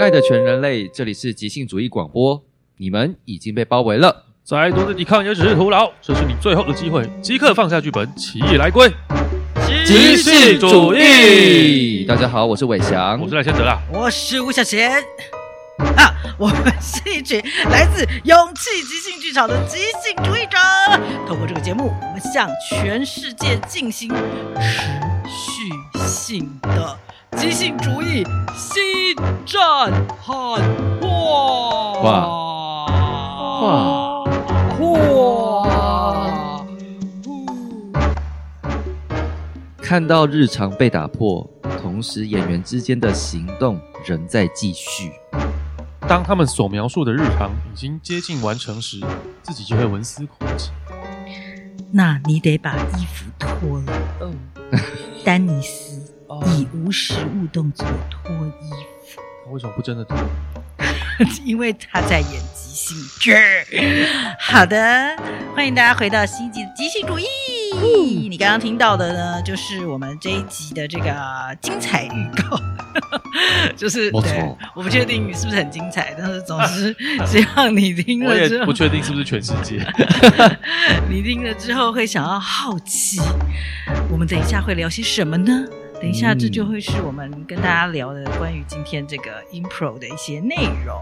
愛的全人類，這裡是即興主義廣播，你們已經被包圍了，再多的抵抗也只是徒勞，這是你最後的機會，即刻放下劇本，起義來歸，即興主義。大家好，我是煒翔，我是賴謙德，我是吳效賢，啊，我們是一群來自勇氣即興劇場的即興主義者，透過這個節目，我們向全世界進行持續性的。即興主義，心戰喊話，看到日常被打破，同時演員之間的行動仍在繼續。當他們所描述的日常已經接近完成時，自己就會文思枯竭。那你得把衣服脫了、嗯、 丹尼斯。以無實物動作脫衣服，他為什麼不真的脫？ 因為他在演即興劇。好的，歡迎大家回到新一集的《即興主義》嗯。你剛剛聽到的呢，就是我們這一集的這個精彩預告。嗯、 就是我我不確定你是不是很精彩，嗯、但是總之只要你聽了之後，嗯、我也不確定是不是全世界， 你聽了之後會想要好奇，我們等一下會聊些什麼呢？等一下，這就會是我們跟大家聊的關於今天這個 impro 的一些內容，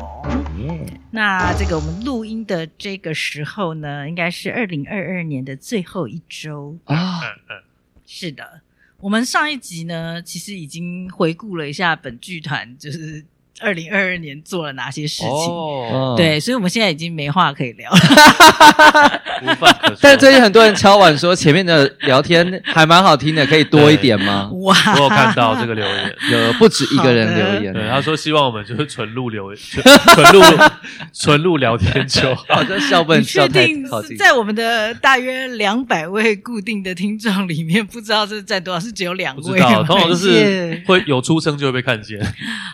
嗯。那這個我們錄音的這個時候呢，應該是二零二二年的最後一週啊。是的，我們上一集呢，其實已經回顧了一下本劇團，就是。二零二二年做了哪些事情？Oh, uh. 對，所以我們現在已經沒話可以聊了，無話可說。但是最近很多人敲碗說，前面的聊天還蠻好聽的，可以多一點嗎？哇，我有看到這個留言，有不止一個人留言，對，他說希望我們就是純錄留言，純錄純錄聊天就好。在笑笨笑你確定是在我們的大約兩百位固定的聽眾裡面， 不知道這是占多少，是只有兩位，通常就是會有出聲，就會被看見。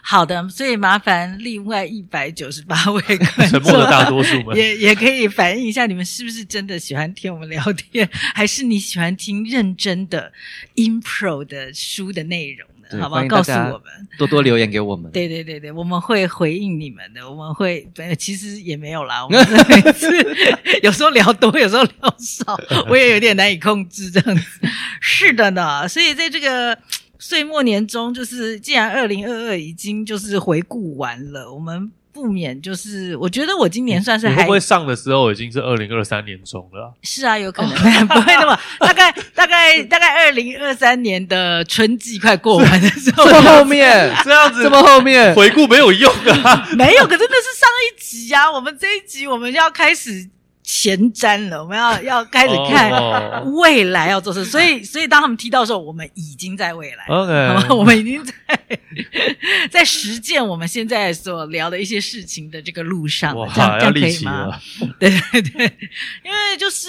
好的，所以。麻煩另外一百九十八位可能沉默的大多數們也 也可以反映一下，你們是不是真的喜歡聽我們聊天，還是你喜歡聽認真的 impro 的書的內容呢？好不好，告訴我們，多多留言給我們，我們。對對對對，我們會回應你們的，我們會其實也沒有啦，我們每次 有時候聊多，有時候聊少，我也有點難以控制這樣子。是的呢，所以在這個。歲末年終，就是既然二零二二已經就是回顧完了，我們不免就是，我覺得我今年算是還、嗯、你會，不會上的時候已經是二零二三年中了、啊。是啊，有可能有、哦、不會那麼 大概大概大概二零二三年的春季快過完的時候，後面這樣子這麼後面回顧沒有用啊、嗯，沒有，可是那是上一集呀、啊，我們這一集我們就要開始。前瞻了，我們要要開始看 oh, oh, oh. 未來要做事，所以所以當他們提到的時候，我們已經在未來，OK，好嗎？我們已經在在實踐我們現在所聊的一些事情的這個路上，oh, 這樣, oh, 這樣可以嗎？對對對，因為就是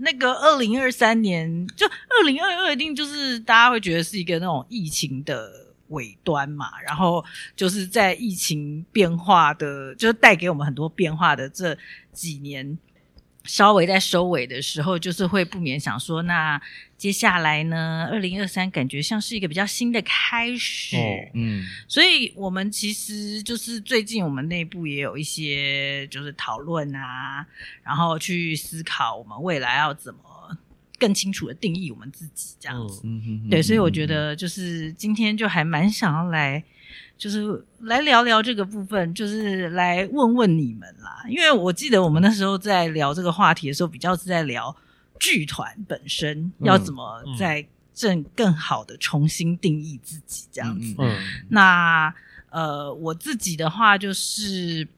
那個二零二三年，就二零二二一定就是大家會覺得是一個那種疫情的尾端嘛，然後就是在疫情變化的，就是帶給我們很多變化的這幾年。稍微在收尾的時候，就是會不免想說，那接下來呢？二零二三感覺像是一個比較新的開始。哦，嗯，所以我們其實就是最近我們內部也有一些就是討論啊，然後去思考我們未來要怎麼更清楚的定義我們自己這樣子。哦呵呵，對，所以我覺得就是今天就還蠻想要來。就是來聊聊這個部分，就是來問問你們啦，因為我記得我們那時候在聊這個話題的時候，嗯、比較是在聊劇團本身、嗯、要怎麼再更好的重新定義自己這樣子。嗯嗯、那呃，我自己的話就是。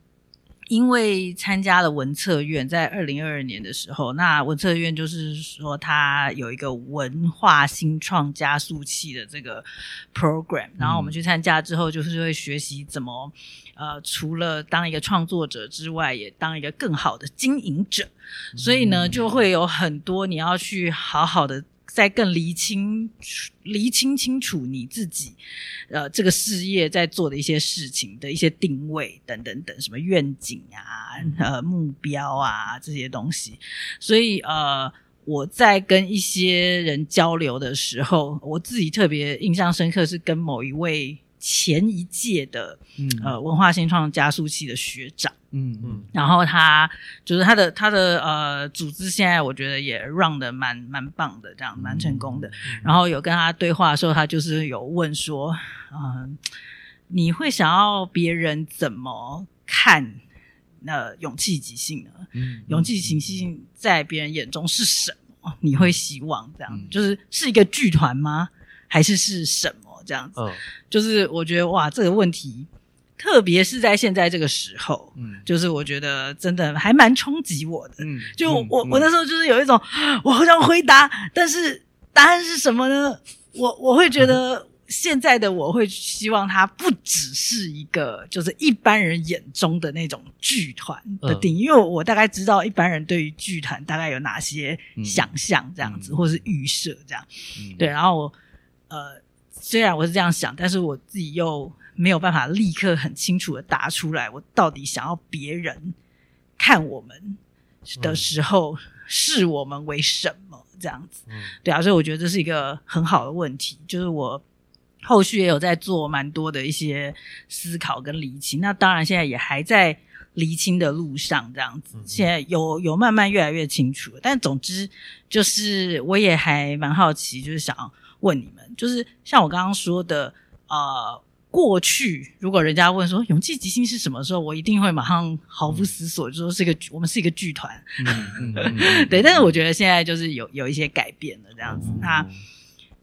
因為參加了文策院，在二零二二年的時候，那文策院就是說，它有一個文化新創加速器的這個 program，然後我們去參加之後，就是會學習怎麼、嗯，呃，除了當一個創作者之外，也當一個更好的經營者，嗯、所以呢，就會有很多你要去好好的再更釐清、釐清清楚你自己，呃，這個事業在做的一些事情的一些定位等等等，什麼願景啊、嗯、呃、目標啊這些東西。所以，呃，我在跟一些人交流的時候，我自己特別印象深刻是跟某一位。前一屆的、嗯、呃，文化新創加速器的學長，嗯嗯，然後他就是他的他的呃組織，現在我覺得也 run 的蠻蠻棒的，這樣蠻成功的、嗯嗯。然後有跟他對話的時候，他就是有問說，嗯、呃，你會想要別人怎麼看那勇氣即興呢？嗯，嗯嗯，勇氣即興在別人眼中是什麼？你會希望這樣、嗯，就是是一個劇團嗎？還是是什麼？這樣子，uh, 就是我覺得哇，這個問題，特別是在現在這個時候，嗯，就是我覺得真的還蠻衝擊我的，嗯，就我、嗯、我，我那時候就是有一種，嗯、我好想回答，但是答案是什麼呢？我我會覺得現在的我會希望它，不只是一個，就是一般人眼中的那種劇團的定義、嗯，因為我大概知道一般人對於劇團大概有哪些想象這樣子，嗯、或是預設這樣、嗯，對，然後我呃。雖然我是這樣想，但是我自己又沒有辦法立刻很清楚的答出來，我到底想要別人看我們的時候視、嗯、我們為什麼這樣子？嗯，對啊，所以我覺得這是一個很好的問題，就是我後續也有在做蠻多的一些思考跟理清。那當然現在也還在理清的路上，這樣子，現在有有慢慢越來越清楚了，但總之，就是我也還蠻好奇，就是想。問你們，就是像我剛剛說的，呃，過去如果人家問說“勇氣即興”是什麼時候，我一定會馬上毫不思索，說是一個、mm. 我們是一個劇團，mm -hmm. 對。但是我覺得現在就是有有一些改變了這樣子。Mm -hmm. 那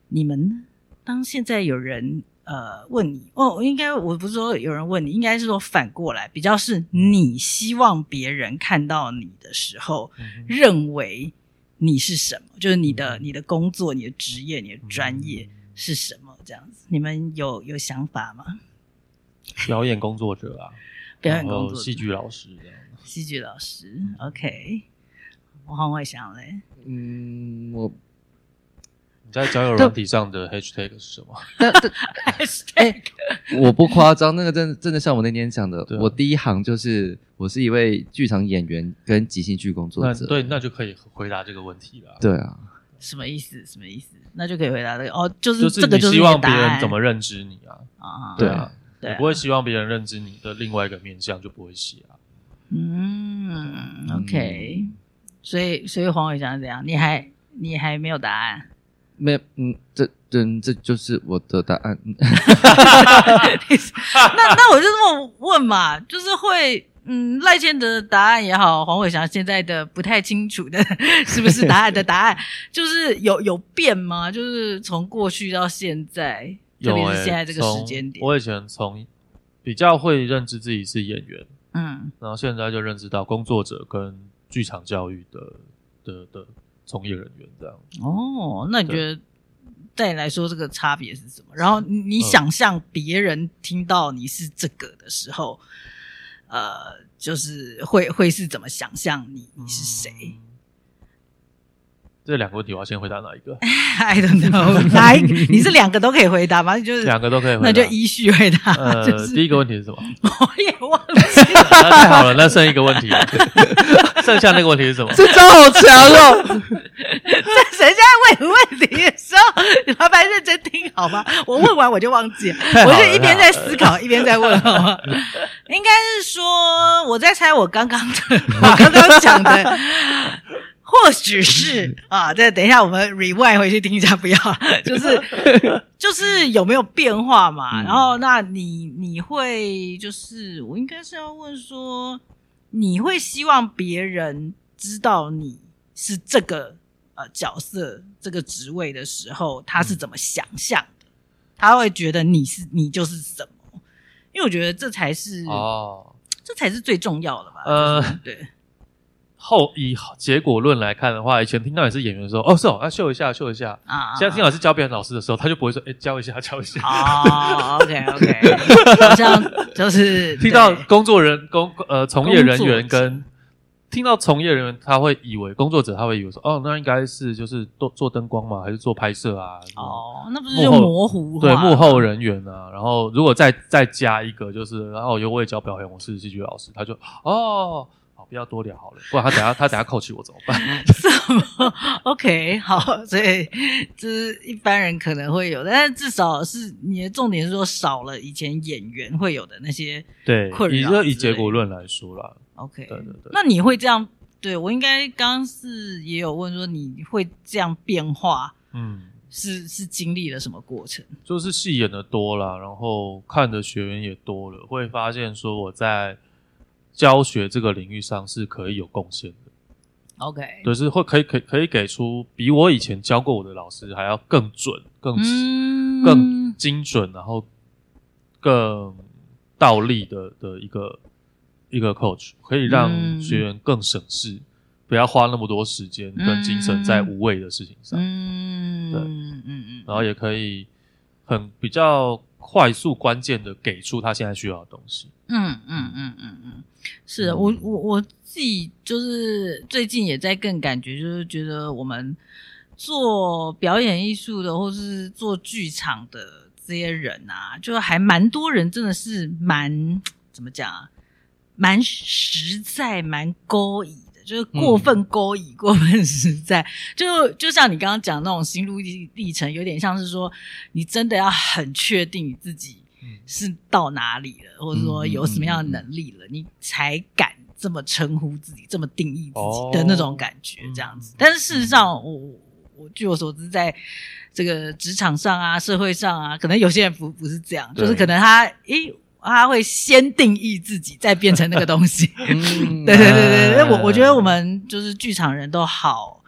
你們呢當現在有人呃問你哦，應該我不是說有人問你，應該是說反過來，比較是你希望別人看到你的時候、mm -hmm. 認為。你是什麼？就是你的、嗯、你的工作、你的職業、你的專業是什麼？這樣子，你們有有想法嗎？表演工作者啊，表 演工作者、啊，戲劇老師這樣子。戲劇老師、嗯、OK。我好會想嘞。嗯，我。你在交友軟體上的 hashtag 是什麼？hashtag 我不誇張，那個真的真的像我那天講的、啊。我第一行就是我是一位劇場演員跟即興劇工作者。對，那就可以回答這個問題了。對啊，什麼意思？什麼意思？那就可以回答這個哦，就是這個就是。就是、希望別人怎麼認知你啊？Uh -huh, 啊，對啊，我、啊、不會希望別人認知你的另外一個面相就不會寫啊。嗯，OK，嗯，所以所以黃煒翔是怎樣？你還你還沒有答案？沒有，嗯，這、這、這就是我的答案。 那、那我就這麼問嘛，就是會，嗯，賴謙德的答案也好，黃煒翔現在的不太清楚的，是不是答案的答案， 就是有、有變嗎？就是從過去到現在，欸、特別是現在這個時間點。我以前從比較會認知自己是演員，嗯，然後現在就認知到工作者跟劇場教育的、的、的。從業人員這樣哦，那你覺得對帶你來說這個差別是什麼？然後你想象別人聽到你是這個的時候，嗯、呃，就是會會是怎麼想象你你是誰？嗯這兩個問題，我要先回答哪一個？I don't know， 哪你是兩個都可以回答嗎？就是兩個都可以回答，那就依序回答，呃就是。第一個問題是什麼？ 我也忘記了。太、啊、好了， 那剩一個問題了， 剩下那個問題是什麼？這招好強哦！ 在人家問問題的時候，你老板認真聽好嗎？我問完我就忘記了了，我就一邊在思考，一邊在問 應該是說我在猜我剛剛，我剛剛的，我剛剛講的。或許是 啊，再等一下，我們 rewind 回去聽一下，不要， 就是就是有沒有變化嘛？嗯、然後，那你你會就是，我應該是要問說，你會希望別人知道你是這個呃角色、這個職位的時候，他是怎麼想象的？他會覺得你是你就是什麼？因為我覺得這才是哦，這才是最重要的嘛、就是？呃，對。後以結果論來看的話，以前聽到也是演員的時候，哦，是哦，要、啊、秀一下，秀一下啊，啊，啊，啊。現在聽老師教表演老師的時候，他就不會說，誒、欸、教一下，教一下。哦，OK，OK。好像就是聽到工作人工呃從業人員跟聽到從業人員，他會以為工作者，他會以為說，哦，那應該是就是做做燈光嘛，還是做拍攝啊？哦、oh，那不是就模糊了對幕後人員啊。然後如果再再加一個，就是然後又也教表演，我是戲劇老師，他就哦。不要多聊好了，不然他等下 他等下扣起我怎麼辦？是什麼？OK，好，所以就是一般人可能會有，但至少是你的重點是說少了以前演員會有的那些對，困擾。以以結果論來說啦，OK，對對對。那你會這樣？對我應該剛剛是也有問說你會這樣變化？嗯，是是經歷了什麼過程？就是戲演的多了，然後看的學員也多了，會發現說我在。教學這個領域上是可以有貢獻的，OK，就是會可以可以可以給出比我以前教過我的老師還要更準、更、嗯、更精準，然後更倒立的的一個一個 coach，可以讓學員更省事，嗯、不要花那麼多時間跟精神在無謂的事情上，嗯嗯嗯，然後也可以很比較快速、關鍵的給出他現在需要的東西，嗯嗯嗯嗯嗯。嗯嗯是我我我自己就是最近也在更感覺，就是覺得我們做表演藝術的或是做劇場的這些人啊,就還蠻多人真的是蠻怎麼講啊，蠻實在，蠻勾引的，就是過分勾引，過分實在。嗯、就就像你剛剛講的那種心路歷歷程，有點像是說你真的要很確定你自己。是到哪裡了，或者說有什麼樣的能力了，嗯、你才敢這麼稱呼自己，嗯，這麼定義自己的那種感覺，這樣子，哦嗯。但是事實上，我我，我據我所知，在這個職場上啊，社會上啊，可能有些人不不是這樣，就是可能他誒，他會先定義自己，再變成那個東西。 嗯、 對，對對對對，我我覺得我們就是劇場人都好。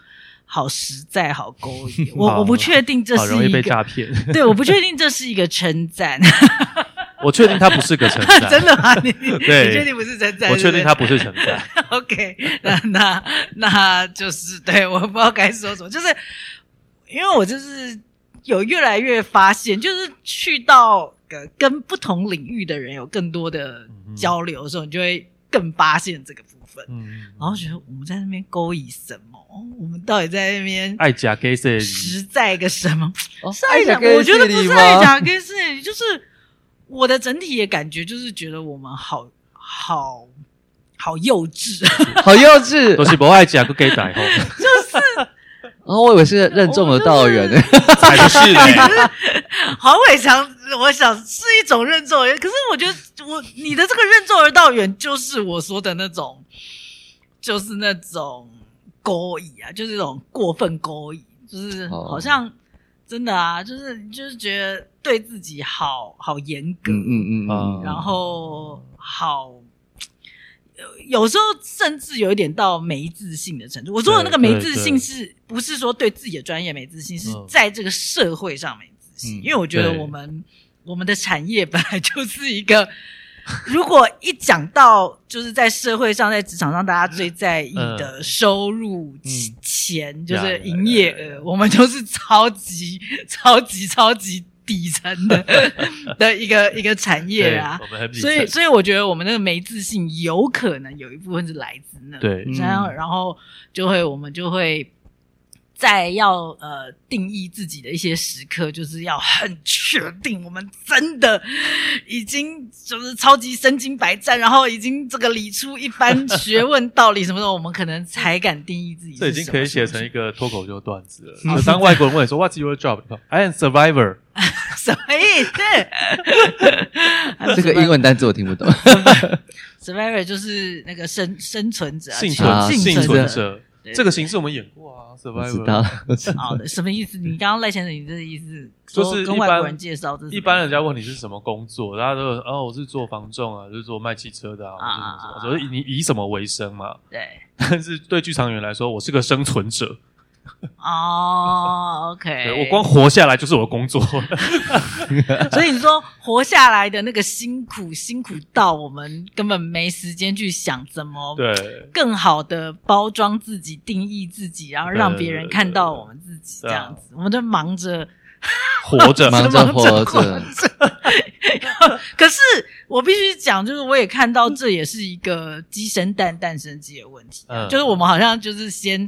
好實在，好勾引我，我不確定這是一個好容易被詐騙、 okay, 就是。對，我不確定這是一個稱讚。我確定他不是個稱讚，真的嗎？你你你確定不是稱讚？我確定他不是稱讚。OK，那那那就是對，我不知道該說什麼。就是因為我就是有越來越發現，就是去到個跟不同領域的人有更多的交流的時候，你就會更發現這個部分。嗯，然後覺得我們在那邊勾引什麼？哦，我們到底在那邊愛講 case，實在個什麼？哦、是愛講，我覺得不是愛講 case，就是我的整體的感覺就是覺得我們好好好幼稚，好幼稚，都是不愛講都給帶。就是，然 後、哦、我以為是任重而道遠，哈哈、就是、 不是、欸，黃煒翔，我想是一種任重而可是我覺得我你的這個任重而道遠，就是我說的那種，就是那種。勾引啊，就是這種過分勾引，就是好像真的啊，就是就是覺得對自己好好嚴格，嗯嗯嗯，嗯，然後好，有時候甚至有一點到沒自信的程度。我說的那個沒自信是，是不是說對自己的專業沒自信，是在這個社會上沒自信？嗯、因為我覺得我們我們的產業本來就是一個。 如果一講到就是在社會上、在職場上，大家最在意的收入、錢、嗯，就是營業額、嗯嗯，我們都是超級、嗯、超級，超級底層的 的一個一個產業啊。所以，所以我覺得我們那個沒自信，有可能有一部分是來自那。對，然後、嗯，然後就會我們就會。在要呃定義自己的一些時刻，就是要很確定，我們真的已經就是超級身經百戰，然後已經這個理出一番學問道理，什麼時候 我們可能才敢定義自己？這已經可以寫成一個脫口秀段子了。 當外國人問你說 “What's your job？” I am survivor 什麼意思、 啊？這個英文單字我聽不懂。 survivor 就是那個生生存者，倖存、啊、倖存者。對對對，這個形式我們演過啊，Survival。好的、 喔，什麼意思？你剛剛賴先生，你這個意思說是就是跟外國人介紹，是一般人家問你是什麼工作，大家都說哦，我是做房仲啊，就是做賣汽車的啊，就、啊、什麼所、啊、以你以什麼為生嘛、啊？對。但是對劇場員來說，我是個生存者。哦、oh，OK，我光活下來就是我的工作， 所以你說活下來的那個辛苦，辛苦到我們根本沒時間去想怎麼對更好的包裝自己、定義自己，然後讓別人看到我們自己，對對對對這樣子，啊、我們都忙着活着嗎？活着，活着。 忙着活着 可是我必須講，就是我也看到這也是一個雞生蛋、蛋生雞的問題、嗯，就是我們好像就是先。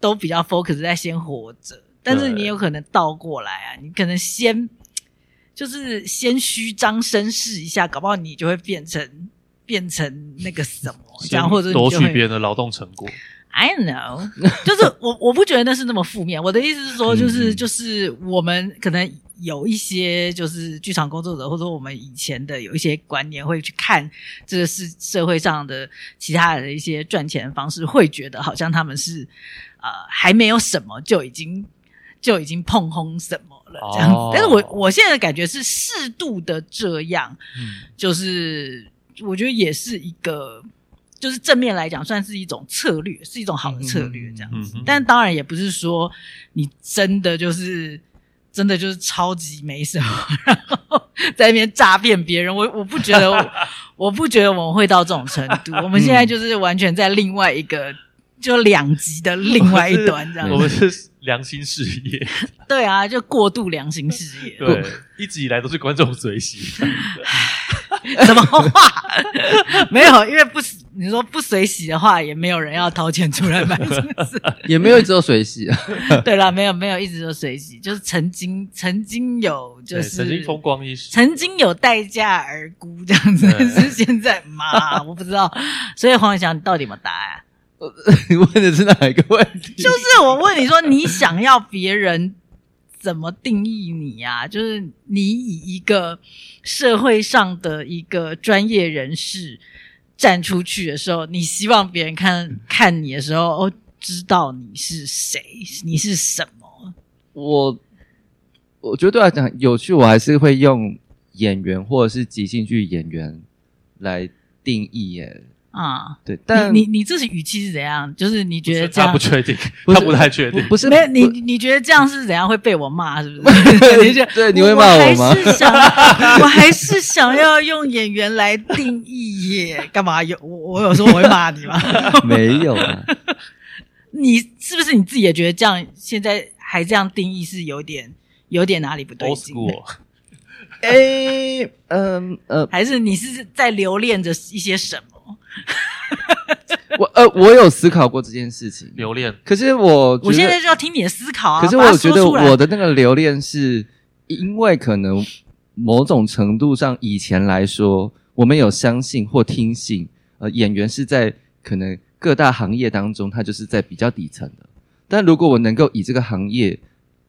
都比較 focus 在先活着，但是你有可能倒過來啊，你可能先就是先虛張聲勢一下，搞不好你就會變成變成那個什麼，這樣，或者奪取別人的勞動成果。I don't know， 就是我我不覺得那是那麼負面， 我的意思是說，就是就是我們可能有一些就是劇場工作者，或者說我們以前的有一些觀念，會去看這個是社會上的其他的一些賺錢方式，會覺得好像他們是。呃，還沒有什麼就、就已經就已經碰轟什麼了，這樣子。Oh. 但是我我現在的感覺是適度的這樣，Mm. 就是我覺得也是一個，就是正面來講算是一種策略，是一種好的策略，這樣子。Mm-hmm. 但當然也不是說你真的就是真的就是超級沒什麼， 然後在那邊詐騙別人。我我不覺得我， 我不覺得我們會到這種程度。 我們現在就是完全在另外一個。就兩極的另外一端這樣子， 我，們我們是良心事業， 對啊，就過度良心事業。 對，一直以來都是觀眾隨喜，什 麼話？ 沒有，因為不，你說不隨喜的話，也沒有人要掏錢出來買。 也沒有一直都隨喜， 對啦沒有沒有，沒有一直都隨喜，就是曾經曾經有，就是曾經風光一時，曾經有待價而沽這樣子， 是現在嗎？我不知道，所以黃煒翔你到底有沒有答案。你 問的是哪一個問題？就是我問你說，你想要別人怎麼定義你呀？啊？就是你以一個社會上的一個專業人士站出去的時候，你希望別人看看你的時候，哦，知道你是誰，你是什麼？我，我覺得對我來講有趣，我還是會用演員或者是即興劇演員來定義耶。啊，對，但你你你這是語氣是怎樣？就是你覺得他這樣不確定，他不太確定，不是沒有你你覺得這樣是怎樣會被我罵？是不是？等一下，對你會罵我嗎？我還是想， 我還是想要用演員來定義耶，幹嘛有我？我有說我會罵你嗎？ 沒有啊。 你是不是你自己也覺得這樣？現在還這樣定義是有點有點哪裡不對勁？哎、欸，嗯 呃，呃，還是你是在留戀着一些什麼？ 我呃，我有思考過這件事情，留戀。可是我覺得，我現在就要聽你的思考啊。可是我覺得我的那個留戀，是因為可能某種程度上，以前來說，我們有相信或聽信，呃，演員是在可能各大行業當中，他就是在比較底層的。但如果我能夠以這個行業，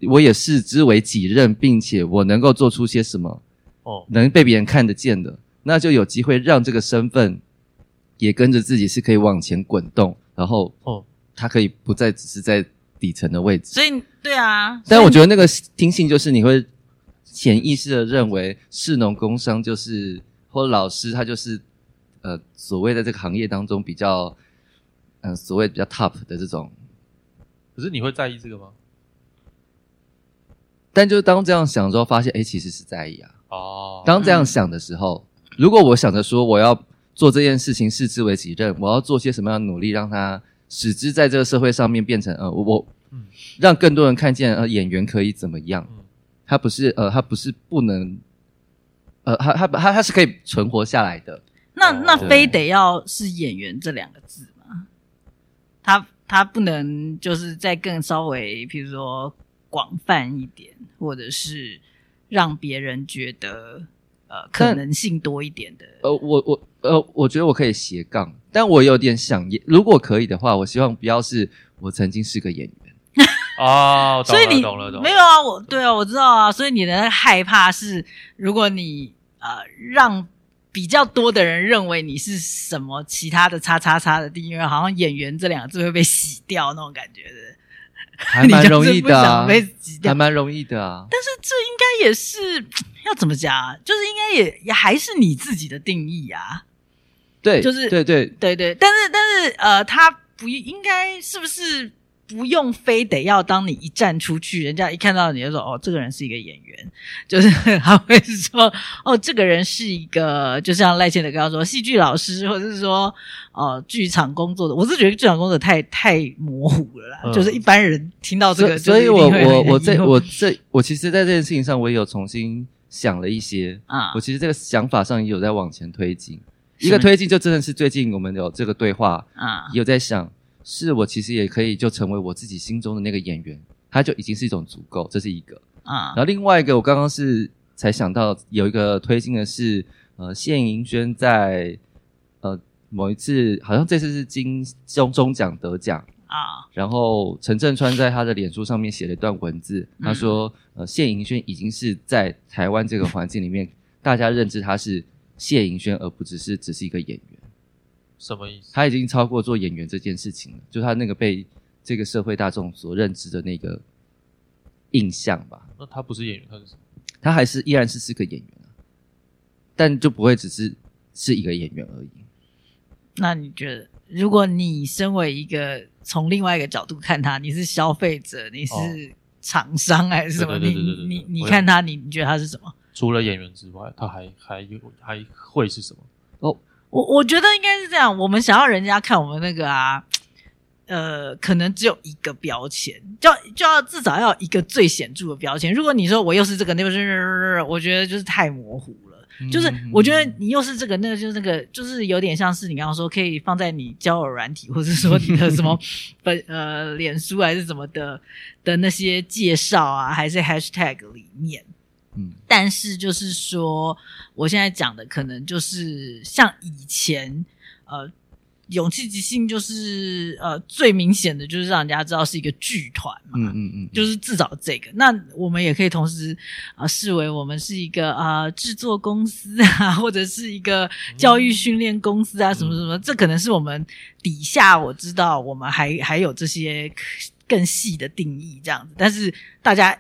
我也視之為己任，並且我能夠做出些什麼，哦，能被別人看得見的，那就有機會讓這個身份。也跟着自己是可以往前滾動，然後哦，它可以不再只是在底層的位置。所以對啊，但我覺得那個聽性就是你會潛意識的認為，士農工商就是或者老師他就是呃所謂的這個行業當中比較嗯、呃、所謂比較 top 的這種。可是你會在意這個嗎？但就當這樣想之後，發現誒，其實是在意啊。哦。當這樣想的時候， 如果我想着說我要。做這件事情視之為己任，我要做些什麼樣的努力，讓它使之在這個社會上面變成呃，我我讓更多人看見呃，演員可以怎麼樣？他不是呃，他不是不能，呃，他他他他，他是可以存活下來的。那、哦、那非得要是演員這兩個字嗎？他他不能就是再更稍微，譬如說廣泛一點，或者是讓別人覺得。呃，可能性多一點的。呃，我我呃，我覺得我可以斜槓，但我有點想演。如果可以的話，我希望不要是我曾經是個演員。 哦，所以你懂了懂了？沒有啊，我對啊，我知道啊。所以你的害怕是，如果你呃讓比較多的人認為你是什麼其他的叉叉叉的定義，好像演員這兩個字會被洗掉那種感覺的。對還蠻容易的啊 擠掉，還蠻容易的啊。但是這應該也是要怎麼講？就是應該也也還是你自己的定義啊。對，就是對對對對。但是但是呃，他不，應該是不是？不用非得要當你一站出去，人家一看到你就說哦，這個人是一個演員，就是他會說哦，這個人是一個，就像賴謙德剛剛說，戲劇老師或者是說哦，劇場工作的。我是覺得劇場工作太太模糊了啦，呃，就是一般人聽到這個，所以、就是、所以我我我這 我這我，我其實在這件事情上，我也有重新想了一些啊。我其實這個想法上也有在往前推進，一個推進就真的是最近我們有這個對話啊，也有在想。是我其實也可以就成為我自己心中的那個演員，他就已經是一種足夠，這是一個。啊、uh.，然後另外一個我剛剛是才想到有一個推進的是，呃，謝盈萱在呃某一次好像這次是金鐘中獎得獎啊，uh. 然後陳振川在他的臉書上面寫了一段文字，他說呃謝盈萱已經是在台灣這個環境裡面，大家認知他是謝盈萱，而不只是只是一個演員。什麼意思？他已經超過做演員這件事情了，就他那個被這個社會大眾所認知的那個印象吧。那他不是演員，他是什麼？他還是依然是是個演員啊，但就不會只是是一個演員而已。那你覺得，如果你身為一個從另外一個角度看他，你是消費者，你是廠商還是什麼？哦、對對對對對對對對，你你你看他，你覺得他是什麼？除了演員之外，他還還有還，還會是什麼？哦。我我覺得應該是這樣，我們想要人家看我們那個啊，呃，可能只有一個標籤，就就要至少要一個最顯著的標籤。如果你說我又是這個，又、就是，我覺得就是太模糊了、嗯。就是我覺得你又是這個，那個，就是那個，就是有點像是你剛剛說可以放在你交友軟體，或者說你的什麼本 呃臉書還是什麼的的那些介紹啊，還是 hashtag 裡面。嗯，但是就是說，我現在講的可能就是像以前，呃，勇氣即興就是呃最明顯的就是讓人家知道是一個劇團嘛，嗯嗯嗯，就是至少這個。那我們也可以同時啊、呃，視為我們是一個啊呃、製作公司啊，或者是一個教育訓練公司啊、嗯，什麼什麼。這可能是我們底下我知道我們還還有這些更細的定義這樣子，但是大家。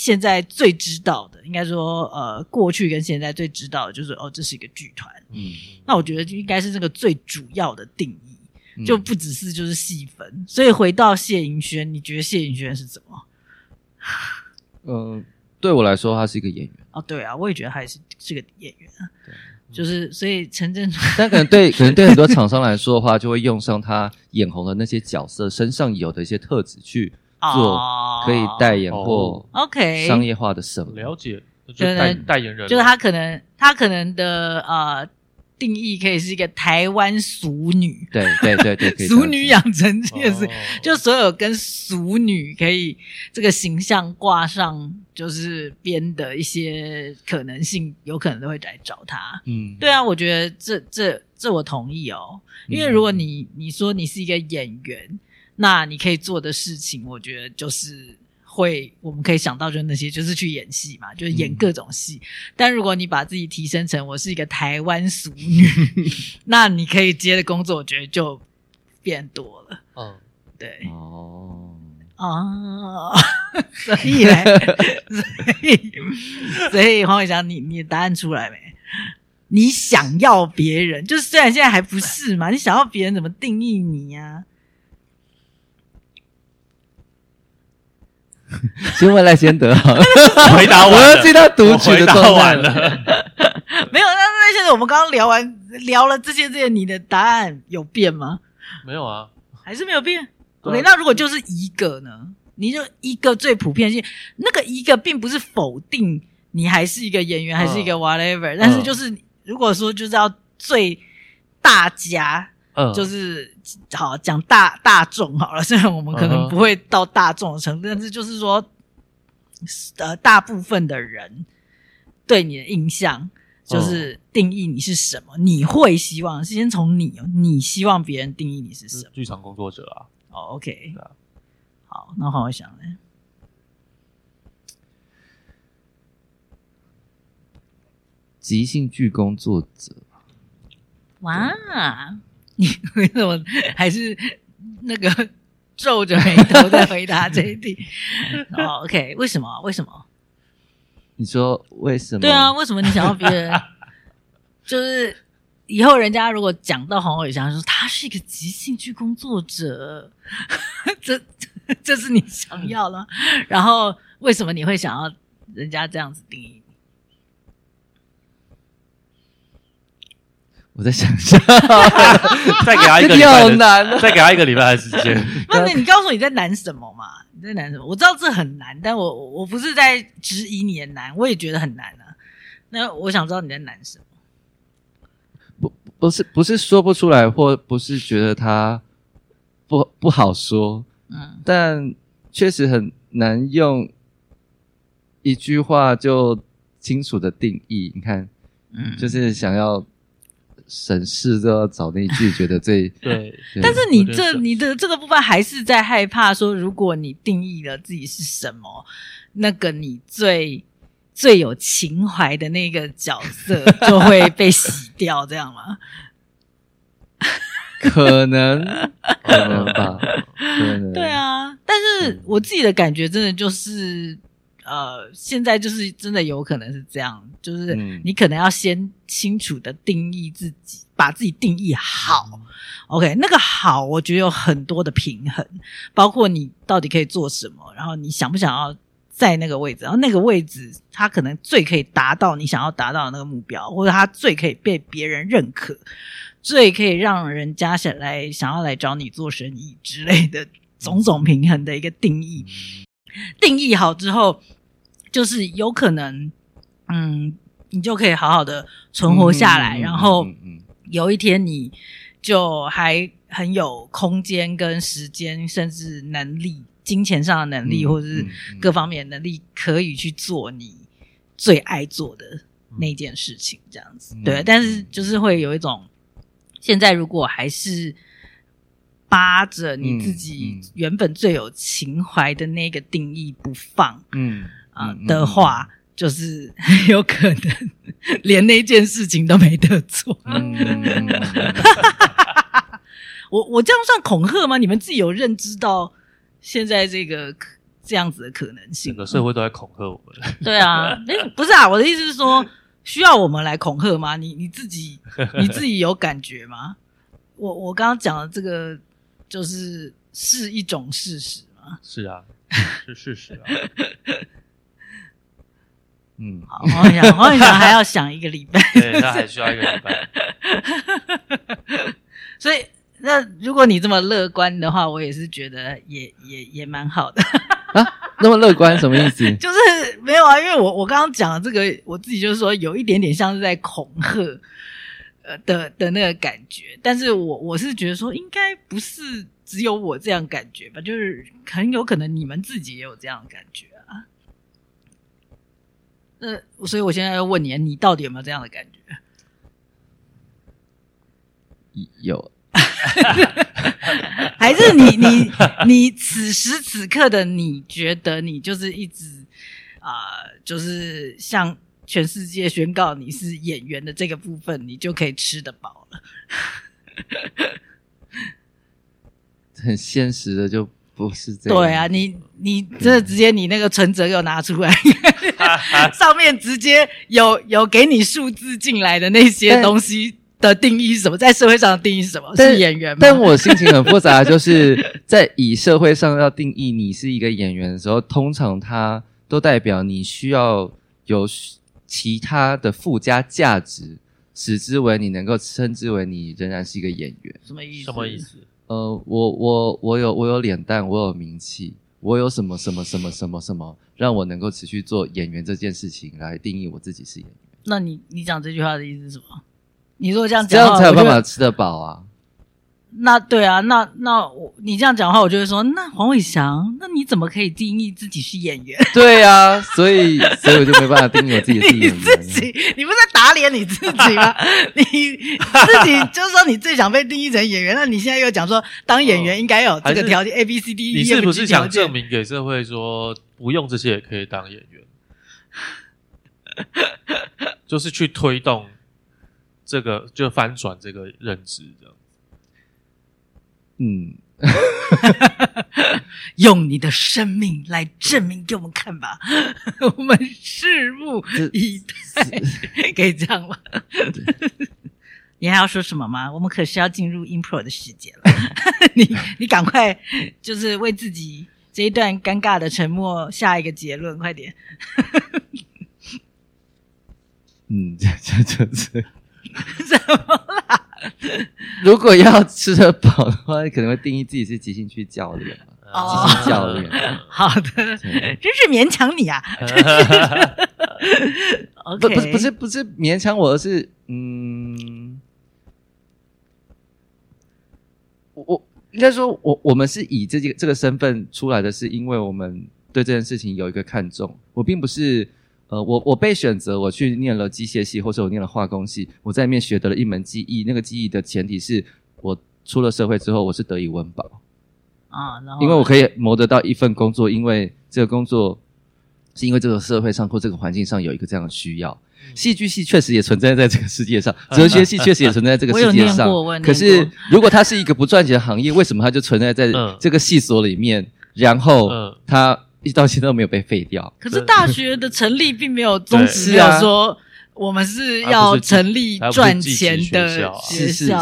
現在最知道的，應該說，呃，過去跟現在最知道的就是，哦，這是一個劇團。嗯，那我覺得就應該是這個最主要的定義，就不只是就是細分。嗯、所以回到謝盈萱，你覺得謝盈萱是怎麼？嗯、呃，對我來說，他是一個演員。哦，對啊，我也覺得他也是是個演員。對，就是所以陳正，但可能對可能對很多廠商來說的話， 就會用上他眼紅的那些角色身上有的一些特質去做可以代言或 OK 商業化的生、oh, okay. 了解，就是代，代言人，就是他可能他可能的呃定義可以是一個台灣熟女，對對對對，熟 女，養成這件事，oh. 就所有跟熟女可以這個形象掛上就是邊的一些可能性，有可能都會來找他。嗯，對啊，我覺得這這這我同意哦，因為如果你、嗯、你說你是一個演員。那你可以做的事情，我覺得就是會，我們可以想到就是那些，就是去演戲嘛，就是演各種戲、嗯。但如果你把自己提升成我是一個台灣熟女， 那你可以接的工作，我覺得就變多了。嗯、哦，對，哦，哦 以來， 所以，所以，所以黃煒翔，你你答案出來沒？你想要別人，就是雖然現在還不是嘛，你想要別人怎麼定義你呀、啊？ 先問賴謙德， 回答我，我要替他讀取的答案了。了。 沒有，那那現在我們剛剛聊完，聊了這些這些，你的答案有變嗎？沒有啊，還是沒有變。啊、OK，那如果就是一個呢？你就一個最普遍性，那個一個並不是否定你還是一個演員，嗯、還是一個 whatever，但是就是、嗯、如果說就是要最大家。嗯、就是好講大大眾好了，雖然我們可能不會到大眾的程度，嗯，但是就是說，呃，大部分的人對你的印象就是定義你是什麼。嗯、你會希望先從你，你希望別人定義你是什麼？劇場工作者啊。Oh, OK 啊。好，那好好想呢。即興劇工作者。哇。你為什麼還是那個皺着眉頭在回答這一題？哦，OK，為什麼？為什麼？你說為什麼？對啊，為什麼你想要別人 就是以後人家如果講到黃煒翔，說他是一個即興劇工作者， 這這是你想要的？然後為什麼你會想要人家這樣子定義？我在想一下 再給他一個禮拜，啊，又難了，啊，再給他一個禮拜的時間。那你你告訴我你在難什麼嘛？你在難什麼？我知道這很難，但我我不是在質疑你的難，我也覺得很難啊。那我想知道你在難什麼？不，不是，不是說不出來，或不是覺得他不不好說。嗯，但確實很難用一句話就清楚的定義。你看，嗯，就是想要。審視就要找那自己覺得最 對，對，但是你這是你的這個部分還是在害怕說，如果你定義了自己是什麼，那個你最最有情懷的那個角色就會被洗掉，這樣嗎？ 可能 可能吧？可能，對啊，但是我自己的感覺真的就是。呃，現在就是真的有可能是這樣，就是你可能要先清楚的定義自己、嗯，把自己定義好。OK，那個好，我覺得有很多的平衡，包括你到底可以做什麼，然後你想不想要在那個位置，然後那個位置它可能最可以達到你想要達到的那個目標，或者它最可以被別人認可，最可以讓人加起來想要來找你做生意之類的、嗯、種種平衡的一個定義。嗯、定義好之後。就是有可能，嗯，你就可以好好的存活下來、嗯嗯嗯嗯，然後有一天你就還很有空間跟時間，甚至能力、金錢上的能力，嗯嗯嗯、或者是各方面的能力，可以去做你最愛做的那件事情，嗯、這樣子。對、嗯嗯，但是就是會有一種，現在如果還是扒着你自己原本最有情懷的那個定義不放，嗯。嗯嗯啊嗯嗯、的話，就是很有可能連那件事情都沒得做。嗯嗯嗯、 我我這樣算恐嚇嗎？你們自己有認知到現在這個這樣子的可能性？整個社會都在恐嚇我們、嗯。對啊、 欸，不是啊，我的意思是說，需要我們來恐嚇嗎？你你自己你自己有感覺嗎？ 我我剛剛講的這個，就是是一種事實嗎？是啊，是事實啊。 嗯好，好我想我想還要想一個禮拜， 對，那還需要一個禮拜。 所以，那如果你這麼樂觀的話，我也是覺得也也也蠻好的啊。那麼樂觀 什麼意思？就是沒有啊，因為我我剛剛講的這個，我自己就是說有一點點像是在恐嚇，呃的的那個感覺。但是我我是覺得說，應該不是只有我這樣感覺吧，就是很有可能你們自己也有這樣的感覺、啊。那、呃、所以，我現在要問你，你到底有沒有這樣的感覺？有， 還是你你你此時此刻的你覺得你就是一直啊、呃，就是向全世界宣告你是演員的這個部分，你就可以吃得飽了？ 很現實的，就不是這樣。對啊，你你這直接你那個存摺給我拿出來。 啊啊、上面直接有有給你數字進來的那些東西的定義是什麼，在社會上的定義是什麼是演員嗎？但我心情很複雜，就是在以社會上要定義你是一個演員的時候， 通常它都代表你需要有其他的附加價值，使之為你能夠稱之為你仍然是一個演員。什麼意思？什麼意思？呃，我我我有我有臉蛋，我有名氣。我有什麼什麼什麼什麼什麼，讓我能夠持續做演員這件事情，來定義我自己是演員。那你你講這句話的意思是什麼？你如果這樣講，這樣才有辦法吃得飽啊。那對啊，那那我你這樣講的話，我就會說，那黃煒翔，那你怎麼可以定義自己是演員？對啊，所以所以我就沒辦法定義我自己是演員。 你自己，你不是在打臉你自己嗎？ 你自己就是說你最想被定義成演員， 那你現在又講說當演員應該有這個條件 A B C D E，F, 你是不是想證明給社會說不用這些也可以當演員？ 就是去推動這個，就翻轉這個認知，這樣。嗯 用你的生命來證明給我們看吧，我們拭目以待，可以這樣嗎？你還要說什麼嗎？我們可是要進入 impro 的世界了，你你趕快就是為自己這一段尷尬的沉默下一個結論，快點。嗯，這這這這怎麼啦？ 如果要吃得飽的話，可能會定義自己是即興去教練。哦，即興教練，好、哦、的，真是勉強你啊！不 不、 okay、不是不是，不是勉強我的，而是嗯，我我應該說，我說我，我們是以這個、這個身份出來的是，因為我們對這件事情有一個看重，我並不是。呃，我我被選擇，我去念了機械系，或者我念了化工系，我在裡面學得了一門技藝。那個技藝的前提是，我出了社會之後，我是得以溫飽啊。然後，因為我可以謀得到一份工作，因為這個工作是因為這個社會上或這個環境上有一個這樣的需要。戲劇系確實也存在在這個世界上，哲學系確實也存在在這個世界上。 我有念過，可是如果它是一個不賺錢的行業，為什麼它就存在在這個系所裡面、呃？然後它。呃一直到現在都沒有被廢掉。可是大學的成立並沒有宗旨，要說我們是要成立賺錢的學校，是是是是沒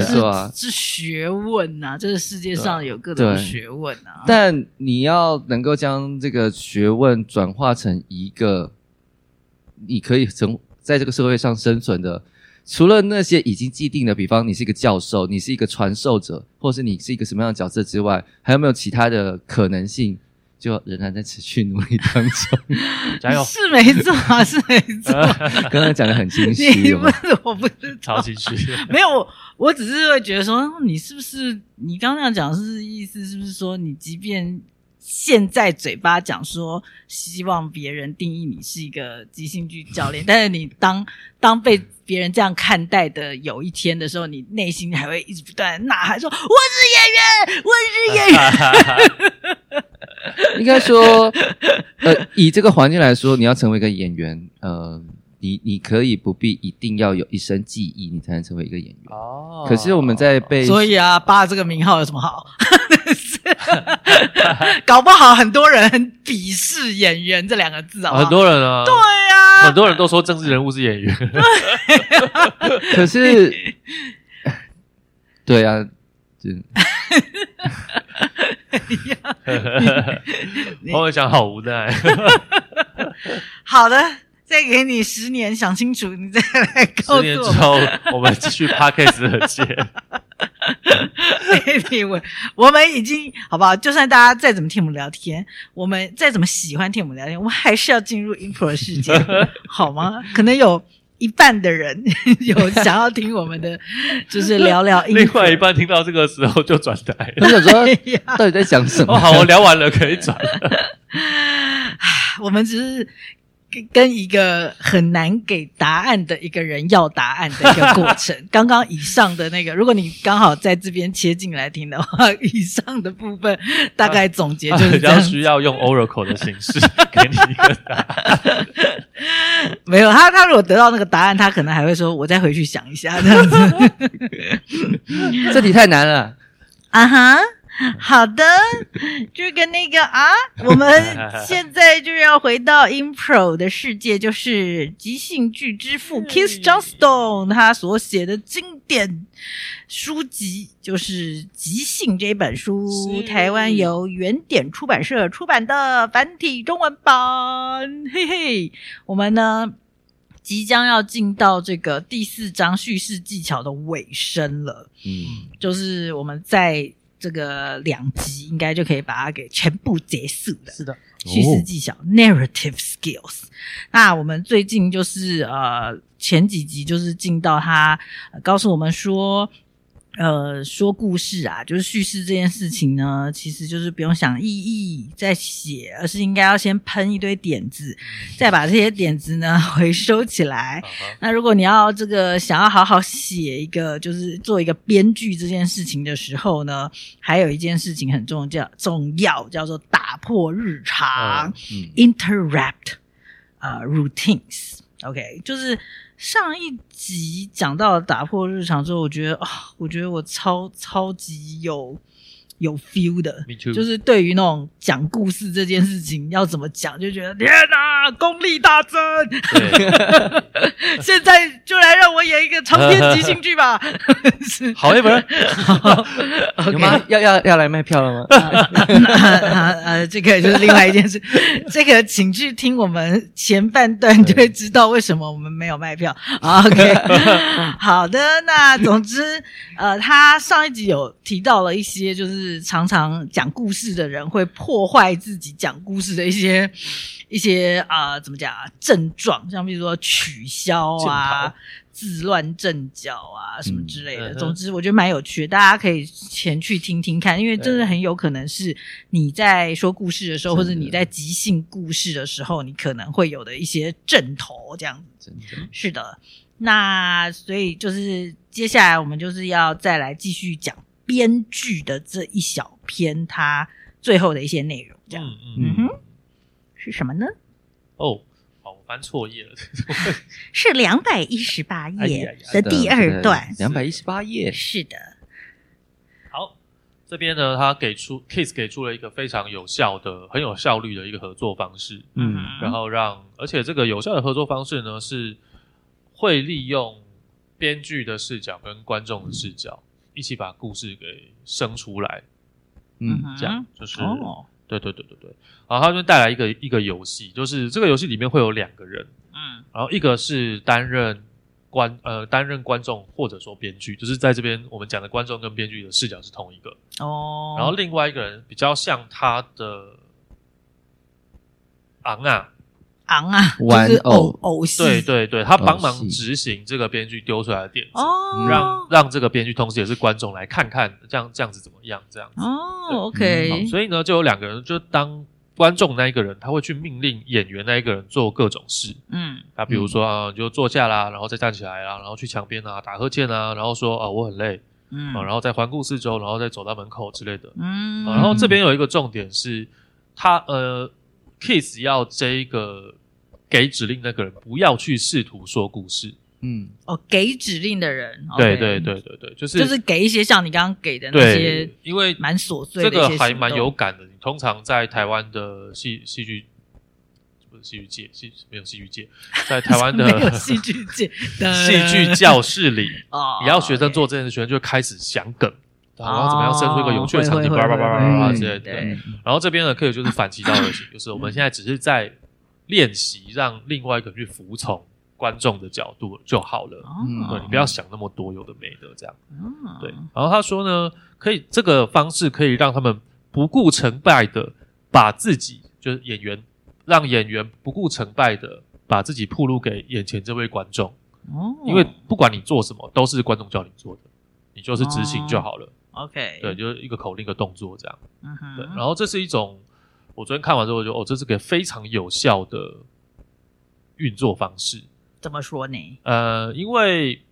錯啊，是，是學問吶、啊，這是、個、世界上有各種學問啊，啊。但你要能夠將這個學問轉化成一個你可以從在這個社會上生存的，除了那些已經既定的，比方你是一個教授，你是一個傳授者，或是你是一個什麼樣的角色之外，還有沒有其他的可能性？就仍然在持續努力當中， 加油！ 是沒錯，是沒錯。 剛剛講的很清晰 起去， 我不是，我不是吵急去。沒有，我只是會覺得說，你是不是？你剛剛那樣講是意思是不是說，你即便現在嘴巴講說希望別人定義你是一個即興劇教練， 但是你當當被別人這樣看待的有一天的時候，你內心還會一直不斷吶喊說：“我是演員，我是演員。 ” 應該說，呃，以這個環境來說，你要成為一個演員，呃，你你可以不必一定要有一身技藝，你才能成為一個演員。哦，可是我們在被，所以啊，扒這個名號有什麼好？ 搞不好很多人很鄙視演員這兩個字，好好啊，很多人啊，對啊，很多人都說政治人物是演員，啊， 可是，對啊。 你 我講好無奈， 好的，再給你十年，想清楚你再來告訴我。十年之後，我們繼續 podcast 的接。 我們已經好不好？就算大家再怎麼聽我們聊天，我們再怎麼喜歡聽我們聊天，我們還是要進入 impro 世界，好嗎？ 可能有。一半的人 有想要聽我們的， 就是聊聊音樂。 另外一半聽到這個時候就轉台。哎、 我想說，到底在想什麼？ 哦、好，我聊完了可以轉了。 我們只是。跟一個很難給答案的一個人要答案的一個過程， 剛剛以上的那個，如果你剛好在這邊切進來聽的話，以上的部分大概總結就、啊啊、比較需要用 Oracle 的形式 給你一個答案， 沒有他，他如果得到那個答案，他可能還會說：“我再回去想一下。”這樣子， 這題太難了啊！哈、uh-huh。好的，這 個那個啊，我們現在就要回到 Impro 的世界，就是即興劇之父 Keith Johnstone 他所寫的經典書籍，就是《即興》這本書，台灣由原點出版社出版的繁體中文版。嘿嘿，我們呢即將要進到這個第四章敘事技巧的尾聲了，嗯，就是我們在。這個兩集應該就可以把它給全部結束了。是的，敘事技巧、oh. （narrative skills）。那我們最近就是呃，前幾集就是進到他、呃、告訴我們說。呃，說故事啊，就是敘事這件事情呢，嗯，其實就是不用想意義再寫，而是應該要先噴一堆點子，嗯，再把這些點子呢回收起來，嗯。那如果你要這個想要好好寫一個，就是做一個編劇這件事情的時候呢，還有一件事情很重要，叫重要，叫做打破日常、嗯、interrupt，呃、routines。OK，就是上一集講到打破日常之後，我覺得啊、哦，我覺得我超超級有。有 feel 的，就是對於那種講故事這件事情要怎麼講，就覺得天啊！ yeah, 功力大增。 現在就來讓我演一個長篇即興劇吧，uh, 是。好一本， 好 okay，有嗎？ 要要要來賣票了嗎？呃，這個就是另外一件事。 這個請去聽我們前半段就會知道為什麼我們沒有賣票。Uh, OK， 好的。那總之，呃、uh,，他上一集有提到了一些，就是。是常常講故事的人會破壞自己講故事的一些一些啊、呃，怎麼講，症狀？像比如說取消啊、自亂陣腳啊、嗯，什麼之類的。嗯、總之，我覺得蠻有趣的、嗯，大家可以前去聽聽看，因為真的很有可能是你在說故事的時候，嗯、或者你在即興故事的時候，你可能會有的一些症頭這樣子。是的，那所以就是接下來我們就是要再來繼續講。編劇的這一小篇，他最後的一些內容，這樣，嗯嗯，嗯哼，是什麼呢？哦，哦，我翻錯頁了， 是兩百一十八頁的第二段，兩百一十八頁，是的。好，這邊呢，他給出 Keith 給出了一個非常有效的、很有效率的一個合作方式，嗯，然後讓，而且這個有效的合作方式呢，是會利用編劇的視角跟觀眾的視角。嗯一起把故事給生出來，嗯，這樣就是，哦，對對對對對。然後他就帶來一個一個遊戲，就是這個遊戲裡面會有兩個人，嗯，然後一個是擔任觀呃擔任觀眾或者說編劇，就是在這邊我們講的觀眾跟編劇的視角是同一個哦。然後另外一個人比較像他的昂啊。昂、嗯、啊，就是哦、玩，偶偶戲，對對對，他幫忙執行這個編劇丟出來的點子，哦，讓讓這個編劇同時也是觀眾來看看，這樣這樣子怎麼樣，這樣子哦，OK、嗯嗯嗯、所以呢，就有兩個人，就當觀眾那一個人，他會去命令演員那一個人做各種事，嗯，那比如說啊，就坐下啦，然後再站起來啦，然後去牆邊啊，打呵欠啊，然後說啊，我很累，嗯、啊，然後再環顧四周，然後再走到門口之類的，嗯，啊、然後這邊有一個重點是，他呃。Keith 要這個給指令那個人不要去試圖說故事，嗯，哦，給指令的人，okay. 對對對對對，就是就是給一些像你剛剛給的那些對，因為蠻瑣碎的，因為這個還蠻有感的。你通常在台灣的戲戲劇，不是戲劇界戲，沒有戲劇界，在台灣的 沒有戲劇界 戲劇教室裡、 哦，你要學生做這件事，okay. 學生就開始想梗。然後怎麼樣生出一個有趣的場景，叭叭叭叭叭之類的。對，然後這邊呢，可以就是反其道而行， 就是我們現在只是在練習，讓另外一個人去服從觀眾的角度就好了。嗯、oh.，你不要想那麼多，有的沒的這樣。嗯、oh.，對。然後他說呢，可以這個方式可以讓他們不顧成敗的把自己就是演員，讓演員不顧成敗的把自己暴露給眼前這位觀眾。哦、oh.，因為不管你做什麼，都是觀眾叫你做的，oh. 你就是執行就好了。OK，對，就是一個口令，一個動作這樣。嗯哼。對，然後這是一種，我昨天看完之後就，哦，這是個非常有效的運作方式。怎麼說呢？呃，因為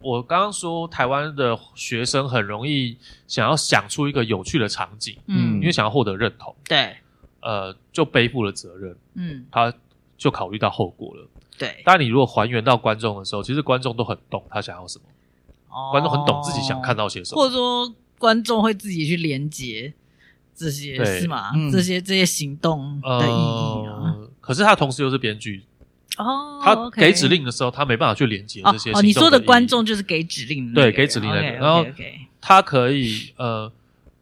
我剛剛說台灣的學生很容易想要想出一個有趣的場景，嗯，因為想要獲得認同，對，呃，就背負了責任，嗯，他就考慮到後果了，對。但你如果還原到觀眾的時候，其實觀眾都很懂他想要什麼。觀眾很懂自己想看到些什麼，哦、或者說觀眾會自己去連接這些是嗎？嗯、這些這些行動的意義、呃。可是他同時又是編劇、哦，哦，他給指令的時候，他沒辦法去連接這些哦。哦，你說的觀眾就是給指令那個人，對，給指令那個人。哦、okay, okay, 然後他可以，okay, okay. 呃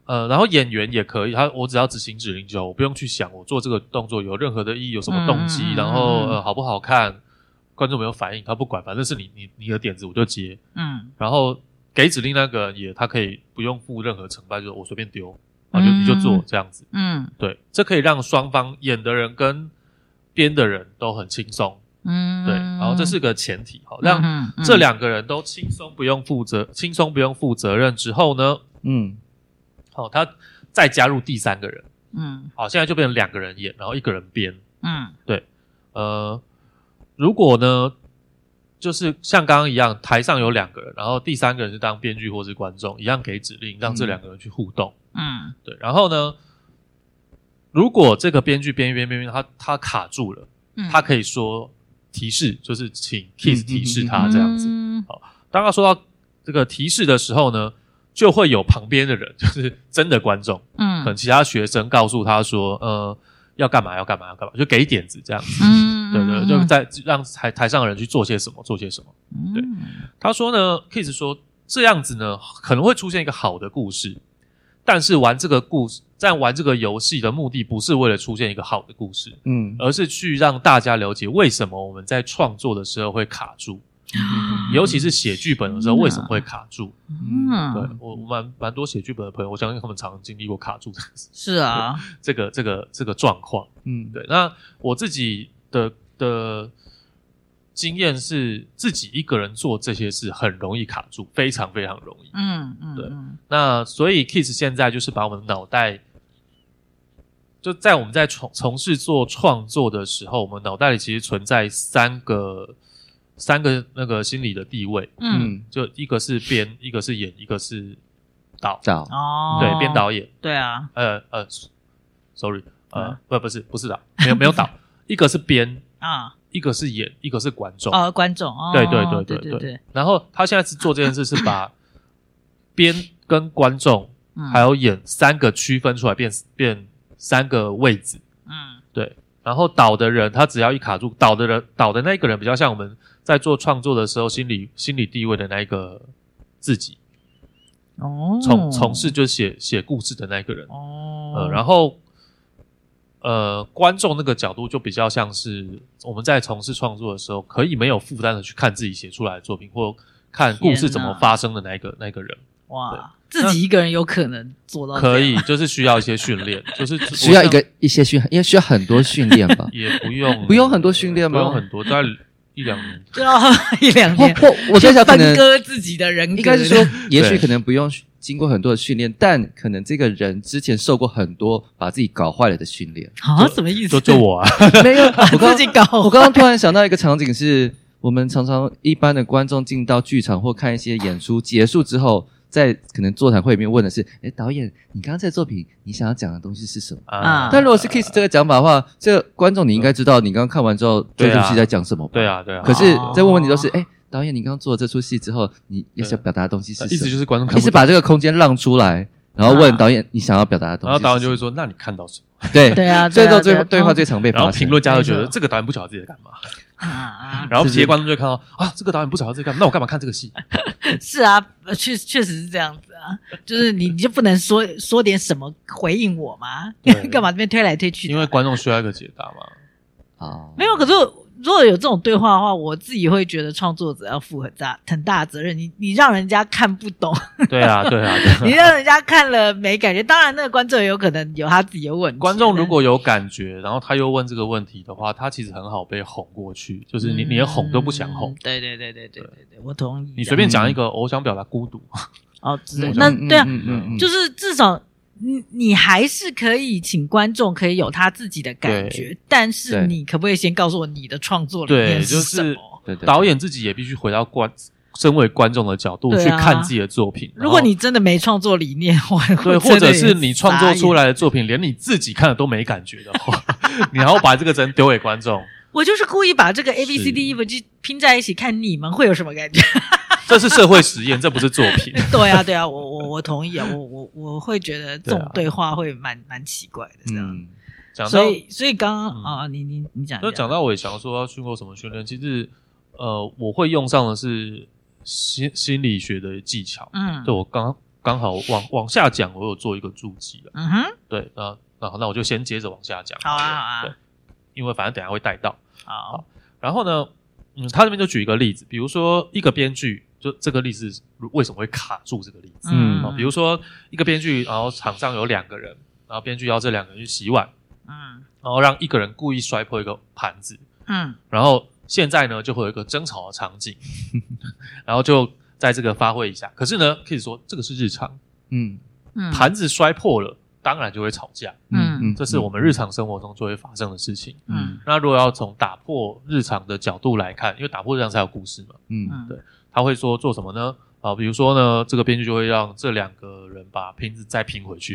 呃，然後演員也可以，他我只要執行指令就我不用去想我做這個動作有任何的意義，有什麼動機、嗯，然後、嗯、呃好不好看。觀眾沒有反應，他不管，反正是你，你你的點子我就接，嗯，然後給指令那個人也他可以不用負任何成敗，就是我隨便丟啊，然後就、嗯、你就做這樣子，嗯，對，這可以讓雙方演的人跟編的人都很輕鬆，嗯，對，然後這是個前提、嗯、好，讓這兩個人都輕鬆不用負責，輕鬆不用負責任之後呢，嗯，好，他再加入第三個人，嗯，好，現在就變成兩個人演，然後一個人編，嗯，對，呃。如果呢，就是像剛剛一樣，台上有兩個人，然後第三個人是當編劇或是觀眾，一樣給指令，讓這兩個人去互動。嗯，對。然後呢，如果這個編劇、編一編邊，編他他卡住了，他、嗯、可以說提示，就是請 Keith 提示他這樣子、嗯嗯。好，當他說到這個提示的時候呢，就會有旁邊的人，就是真的觀眾，嗯，可能其他學生告訴他說，呃，要幹嘛，要幹嘛，要幹嘛，就給點子這樣子。嗯。嗯對，對對，就在讓台台上的人去做些什麼，做些什麼。嗯、對，他說呢 Keith 說這樣子呢，可能會出現一個好的故事，但是玩這個故事，在玩這個遊戲的目的不是為了出現一個好的故事，嗯，而是去讓大家了解為什麼我們在創作的時候會卡住，嗯、尤其是寫劇本的時候為什麼會卡住。嗯、啊，對，我我蠻蠻多寫劇本的朋友，我相信他們常經歷過卡住的。是啊，這個這個這個狀況，嗯，對。那我自己。的的經驗是自己一個人做這些事很容易卡住，非常非常容易。嗯嗯，對嗯。那所以 Keith 現在就是把我們的腦袋，就在我們在從從事做創作的時候，我們腦袋裡其實存在三個三個那個心理的地位。嗯，就一個是編，一個是演，一個是導導哦，對，編導演。對啊，呃呃，sorry，呃不，嗯、不是不是導，沒有沒有導。 一個是編啊，oh. 一個是演，一個是觀眾啊，oh, 觀眾、oh. 對對對對對，對對對對。然後他現在是做這件事，是把編跟觀眾 還有演三個區分出來變，變變三個位置。嗯，對。然後導的人，他只要一卡住，導的人導的那個人，比較像我們在做創作的時候，心理心理地位的那一個自己。哦、oh.，從從事就寫寫故事的那一個人。哦，呃，然後。呃觀眾那個角度就比較像是我們在從事創作的時候，可以沒有負擔的去看自己寫出來的作品，或看故事怎麼發生的那一個那個人。哇，自己一個人有可能做到可以？就是需要一些訓練 就是需要一個一些訓，因為需要很多訓練吧？也不用 不用很多訓練嗎？不用很多，大概一兩年，一年，喔，對啊，一兩年我就想分割自己的人格，的人格應該是說，也許可能不用經過很多的訓練，但可能這個人之前受過很多把自己搞壞了的訓練啊？什麼意思？說說我啊？沒有 我剛剛把自己搞壞。我剛剛突然想到一個場景是，是 我們常常一般的觀眾進到劇場或看一些演出結束之後，在可能座談會裡面問的是：哎、欸，導演，你剛剛這個作品，你想要講的東西是什麼？啊、uh,！但如果是 Keith 這個講法的話，這個、觀眾你應該知道，uh, 你剛剛看完之後，對東、啊、西在講什麼吧對、啊？對啊，對啊。可是在問問題都、就是哎。Uh, 欸導演，你剛剛做了這出戲之後，你要表達的東西是什麼？意思就是觀眾看到，意思把這個空間讓出來，然後問導演、啊、你想要表達的東西。然後導演就會說：“那你看到什麼？”對對啊，所以到最，最對、啊對、啊、對話最常被發，然後評論家都覺得、哎、這個導演不曉得自己在幹嘛。然後直接觀眾就會看到是是啊，這個導演不曉得自己在幹嘛，那我幹嘛看這個戲？是啊，確確實是這樣子啊，就是你你就不能說 說點什麼回應我嗎？幹 嘛這邊推來推去？因為觀眾需要一個解答嘛。啊，沒有，可是。如果有這種對話的話，我自己會覺得創作者要負很大很大責任。你你讓人家看不懂，對啊對啊，對啊對啊 你讓人家看了沒感覺。當然，那個觀眾也有可能有他自己有問題的。觀眾如果有感覺，然後他又問這個問題的話，他其實很好被哄過去。就是你你、嗯、連哄都不想哄。對、嗯、對對對對對對，對我同意。你隨便講一個，我想表達孤獨。嗯、 哦，對嗯、那對啊、嗯嗯嗯，就是至少。你你還是可以請觀眾，可以有他自己的感覺，但是你可不可以先告訴我你的創作理念是什麼？對就是、對對對，導演自己也必須回到觀，身為觀眾的角度去看自己的作品。啊、如果你真的沒創作理念，或者是你創作出來的作品連你自己看了都沒感覺的話， 你然後把這個真丟給觀眾？ 我就是故意把這個 A B C D E F 去拼在一起看，你們會有什麼感覺？ 這是社會實驗，這不是作品。 對啊，對啊，我我我同意啊， 我我我會覺得這種對話會蠻蠻奇怪的，這樣。講到、嗯、所以所以剛剛啊，你你你講，就講到我也想要說要經過什麼訓練？其實呃，我會用上的是心心理學的技巧。嗯，就我剛剛好往往下講，我有做一個注記了。嗯哼，對，那那那我就先接着往下講。好啊，好啊，對，因為反正等一下會帶到。好。好，然後呢，嗯，他這邊就舉一個例子，比如說一個編劇。就這個例子為什麼會卡住？這個例子，嗯，啊、比如說一個編劇，然後場上有兩個人，然後編劇要這兩個人去洗碗，嗯，然後讓一個人故意摔破一個盤子，嗯，然後現在呢就會有一個爭吵的場景，嗯、 然後就在這個發揮一下。可是呢，可以說這個是日常，嗯嗯，盤子摔破了，當然就會吵架，嗯嗯，這是我們日常生活中就會發生的事情，嗯，嗯那如果要從打破日常的角度來看，因為打破日常才有故事嘛，嗯嗯，對。他會說做什麼呢？啊，比如說呢，這個編劇就會讓這兩個人把瓶子再拼回去，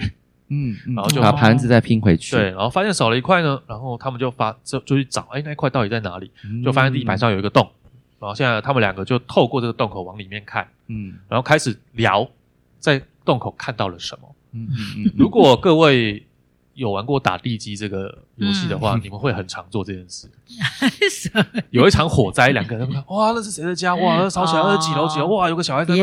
嗯，嗯然後就把盤子再拼回去，對，然後發現少了一塊呢，然後他們就發就就去找，哎、欸，那塊到底在哪裡、嗯？就發現地板上有一個洞，嗯、然後現在他們兩個就透過這個洞口往裡面看，嗯，然後開始聊，在洞口看到了什麼？嗯嗯嗯，嗯，如果各位。有玩過打地基這個遊戲的話，嗯，你們會很常做這件事。呵呵有一場火災，兩個人看， 哇，那是誰的家？哇，那燒起來，那幾樓幾樓？哇，有個小孩在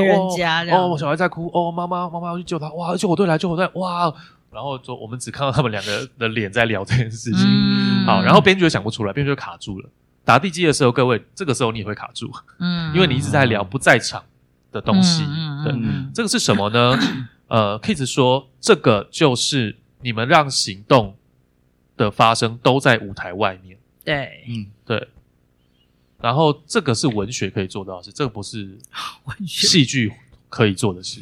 哦，小孩在哭哦，媽媽媽媽，媽媽要去救他！哇，救火隊來救火隊！哇，然後就我們只看到他們兩個的臉在聊這件事情。嗯，好，然後編劇就想不出來，編劇就卡住了。打地基的時候，各位這個時候你也會卡住，嗯，因為你一直在聊不在場的東西。嗯、對，嗯嗯，這個是什麼呢？咳咳呃 Keith 說，這個就是。你們讓行動的發生都在舞台外面。對，嗯，對。然後這個是文學可以做到的事，這個不是戲劇可以做的事，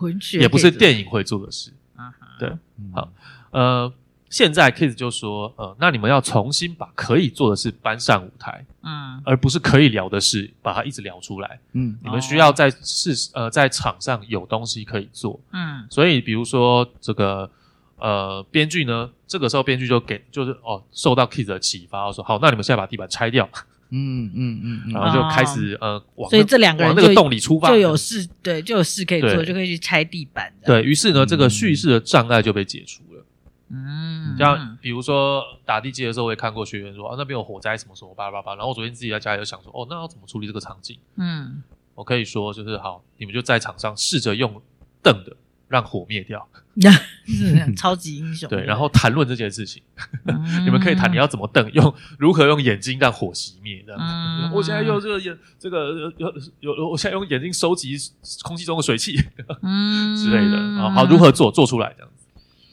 文學，也不， 文學也不是電影會做的事。啊哈，對、嗯，好，呃，現在 Keith 就說，呃，那你們要重新把可以做的事搬上舞台，嗯，而不是可以聊的事，把它一直聊出來，嗯，你們需要在是、哦、呃在場上有東西可以做，嗯，所以比如說這個。呃，編劇呢？這個時候編劇就給，就是哦，受到 Keith 的啟發，說好，那你們現在把地板拆掉。嗯嗯嗯，然後就開始、哦、呃往，所以這兩個人往那個洞裡出發，就有事對，就有事可以做，就可以去拆地板。對，於是呢，嗯、這個敘事的障礙就被解除了。嗯，像比如說打地基的時候，我也看過學員說、嗯、啊，那邊有火災，什麼時候叭叭叭。然後我昨天自己在家裡就想說，哦，那要怎麼處理這個場景？嗯，我可以說就是好，你們就在場上試着用凳子。讓火滅掉 是，是超級英雄 對，對。然後談論這件事情，嗯、 你們可以談你要怎麼瞪，用如何用眼睛讓火熄滅這樣子。嗯、 我現在用這個眼，這個有有，有，我現在用眼睛收集空氣中的水汽、 嗯、之類的好，好，如何做做出來這樣子？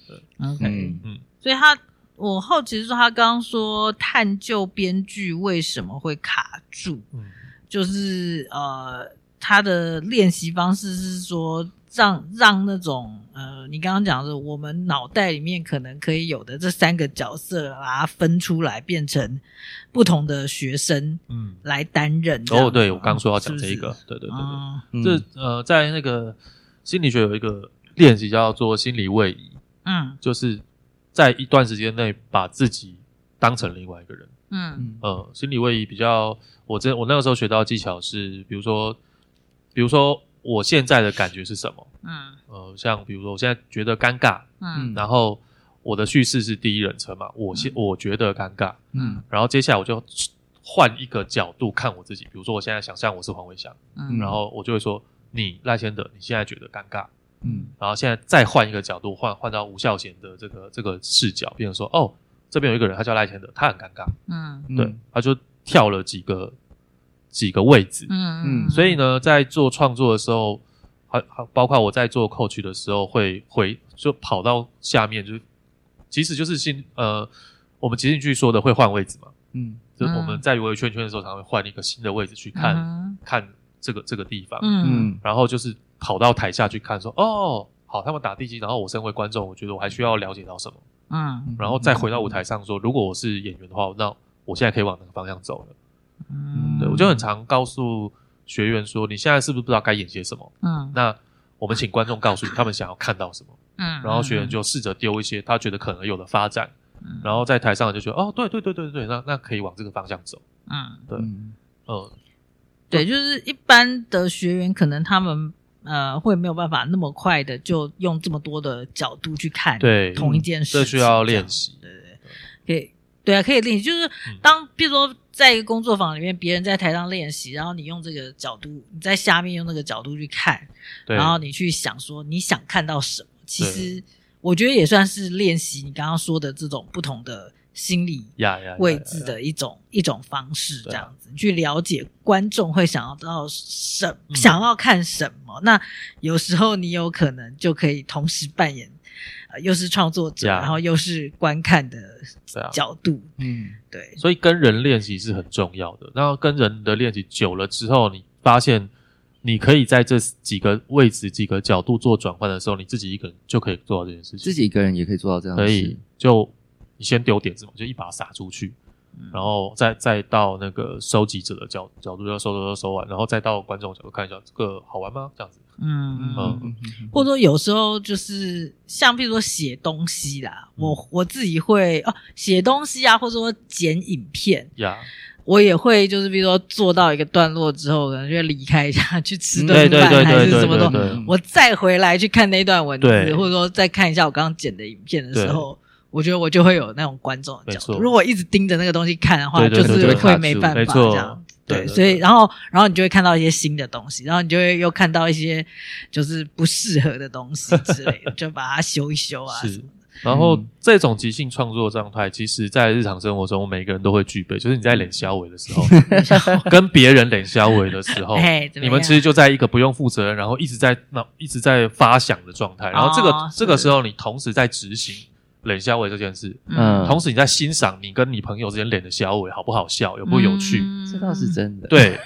對，OK，嗯，所以他我好奇是說，說，他剛剛說探究編劇為什麼會卡住，嗯，就是呃，他的練習方式是說。讓讓那種呃，你剛剛講的是，我們腦袋裡面可能可以有的這三個角色啊，把它分出來變成不同的學生嗯來擔任、嗯。哦，對，我剛剛說要講這一個，是是對，對對對，這、哦嗯、呃，在那個心理學有一個練習叫做心理位移，嗯，就是在一段時間內把自己當成另外一個人，嗯呃，心理位移比較，我這我那個時候學到的技巧是，比如說，比如說。我現在的感覺是什麼？嗯，呃，像比如說，我現在覺得尷尬，嗯，然後我的敘事是第一人稱嘛，我現、嗯、我覺得尷尬，嗯，然後接下來我就換一個角度看我自己，比如說我現在想象我是黃煒翔，嗯，然後我就會說，你賴謙德，你現在覺得尷尬，嗯，然後現在再換一個角度，換換到吳效賢的這個這個視角，變成說，哦，這邊有一個人，他叫賴謙德，他很尷尬，嗯，對，嗯、他就跳了幾個。幾個位置，嗯嗯，所以呢，在做創作的時候，還還包括我在做 coach 的時候，會回就跑到下面就，就是其實就是新呃，我們即興劇說的會換位置嘛，嗯，就是我們在圍一圈圈的時候，才會換一個新的位置去看、嗯、看，看這個這個地方，嗯嗯，然後就是跑到台下去看說，說、嗯、哦，好，他們打地基，然後我身為觀眾，我覺得我還需要了解到什麼，嗯，然後再回到舞台上說，嗯、如果我是演員的話，那我現在可以往哪個方向走了？嗯，對，我就很常告訴學員說，你現在是不是不知道該演些什麼？嗯，那我們請觀眾告訴你、嗯、他們想要看到什麼。嗯，然後學員就試着丟一些、嗯、他覺得可能有的發展，嗯，然後在台上就覺得哦，對對對對對，那那可以往這個方向走嗯。嗯，對，嗯，對，就是一般的學員可能他們、嗯、呃會沒有辦法那麼快的就用這麼多的角度去看對同一件事對、嗯，這需要練習。對對、嗯，可以，對啊，可以練習。就是當、嗯、比如說。在一個工作坊裡面，別人在台上練習，然後你用這個角度，你在下面用那個角度去看，然後你去想說你想看到什麼。其實我覺得也算是練習你剛剛說的這種不同的心理位置的一種 yeah, yeah, yeah, yeah. 一種方式，這樣子、啊、你去了解觀眾會想要到什麼、嗯、想要看什麼。那有時候你有可能就可以同時扮演。又是創作者，然後又是觀看的角度，嗯，對，所以跟人練習是很重要的。那跟人的練習久了之後，你發現你可以在這幾個位置，幾個角度做轉換的時候，你自己一個人就可以做到這件事情。自己一個人也可以做到這樣，可以就你先丟點子嘛，就一把撒出去，嗯、然後再再到那個收集者的角角度，要收收收收收完，然後再到觀眾角度看一下，這個好玩嗎？這樣子。嗯，嗯，或者說有時候就是像比如說寫東西啦，嗯、我我自己會哦寫，啊、東西啊，或者說剪影片呀，我也會就是比如說做到一個段落之後，可能就會離開一下去吃頓飯還是什麼的，我再回來去看那段文字，或者說再看一下我剛剛剪的影片的時候，我覺得我就會有那種觀眾的角度。如果一直盯着那個東西看的話，對對對對，就是會沒辦法這樣對對對對。這樣。對，對，對，對，所以然後然後你就會看到一些新的東西，然後你就會又看到一些就是不適合的東西之類的， 就把它修一修啊。是，然後、嗯、這種即興創作狀態，其實在日常生活中，每個人都會具備。就是你在練肖話的時候， 跟別人練肖話的時候， 你們其實就在一個不用負責任，然後一直在那一直在發想的狀態。然後這個、哦、這個時候，你同時在執行。冷笑尾這件事，嗯，同時你在欣賞你跟你朋友之間冷的笑尾好不好笑，有不有趣？嗯、 這倒是真的。對，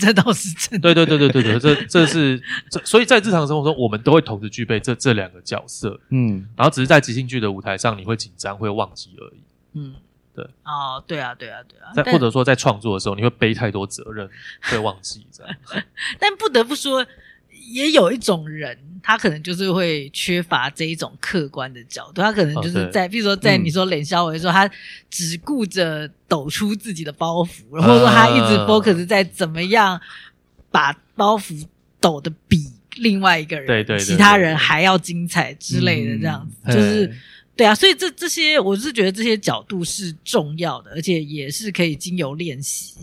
這倒是真的。對對對對對對，這 這是這，所以在日常生活中，我們都會同時具備這這兩個角色，嗯，然後只是在即興劇的舞台上，你會緊張，會忘記而已。嗯，對。哦，對啊，對啊，對啊。再、啊、或者說，在創作的時候，你會背太多責任， 會忘記這樣子。但不得不說。也有一種人，他可能就是會缺乏這一種客觀的角度，他可能就是在，比、哦嗯、如說在你說冷的時候，他只顧着抖出自己的包袱，然、啊、後他一直 focus 在怎麼樣把包袱抖的比另外一個人、對對，對其他人還要精彩之類的，這樣子，嗯、就是，對啊，所以這這些我是覺得這些角度是重要的，而且也是可以經由練習。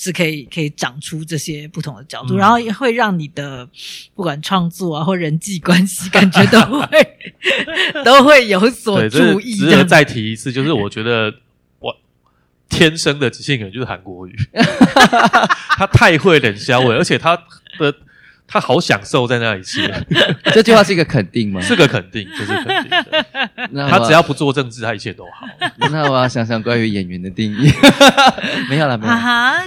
是可以可以長出這些不同的角度，嗯、然後也會讓你的不管創作啊，或人際關係，感覺都會 都會有所注意。就是、值得再提一次，就是我覺得我天生的即興可能就是韓國語， 他太會冷笑話，而且他的。 他好享受在那裡吃， 這句話是一個肯定嗎？是個肯定，就是肯定的。的 他只要不做政治，他一切都好。 那我要想想關於演員的定義。 沒有了，沒有。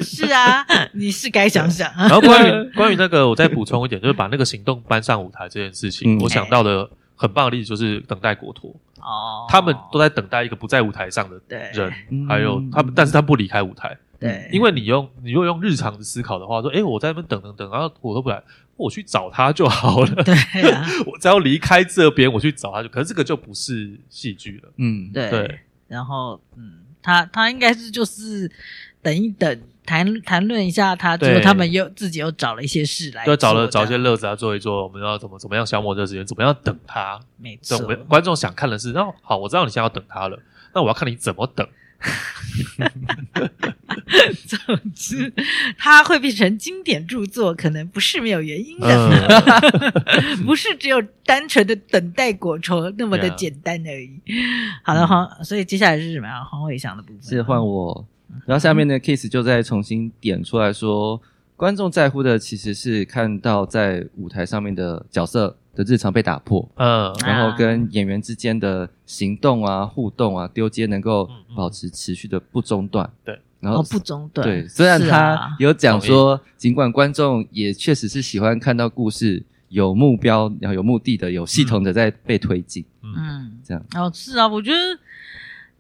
是啊，你是該想想。然後關於 關於那個，我再補充一點，就是把那個行動搬上舞台這件事情，嗯、我想到的很棒的例子就是等待果陀。哦、oh。他們都在等待一個不在舞台上的人，還有他們，嗯，但是他不離開舞台。嗯、對，因為你用你如果用日常的思考的話，說，哎、欸，我在那邊等等等，然後我都不來，我去找他就好了。對、啊呵呵，我只要離開這邊，我去找他就。可是這個就不是戲劇了。嗯，對。然後，嗯，他他應該是就是等一等，談談論一下他，他他們又自己又找了一些事來，對，找了找一些樂子啊，做一做。我們要怎麼怎麼樣消磨這個時間？怎麼樣等他？嗯、沒錯，觀眾想看的是，那好，我知道你現在要等他了，那我要看你怎麼等。 總之，它會變成經典著作，可能不是沒有原因的， 不是只有單純的等待果陀那麼的簡單而已。好的，黃、yeah. 嗯，所以接下來是什麼呀？黃煒翔的部分是換我，然後下面的 case 就再重新點出來說，嗯、觀眾在乎的其實是看到在舞台上面的角色。的日常被打破，嗯、uh,，然後跟演員之間的行動啊、互動啊、丟接能夠保持持續的不中斷，對、uh,，然後、哦、不中斷，對、啊，雖然他有講說，uh, 儘管觀眾也確實是喜歡看到故事、uh, 有目標，然後有目的的、有系統的在被推進，嗯、uh, um,，這樣哦，是啊，我覺得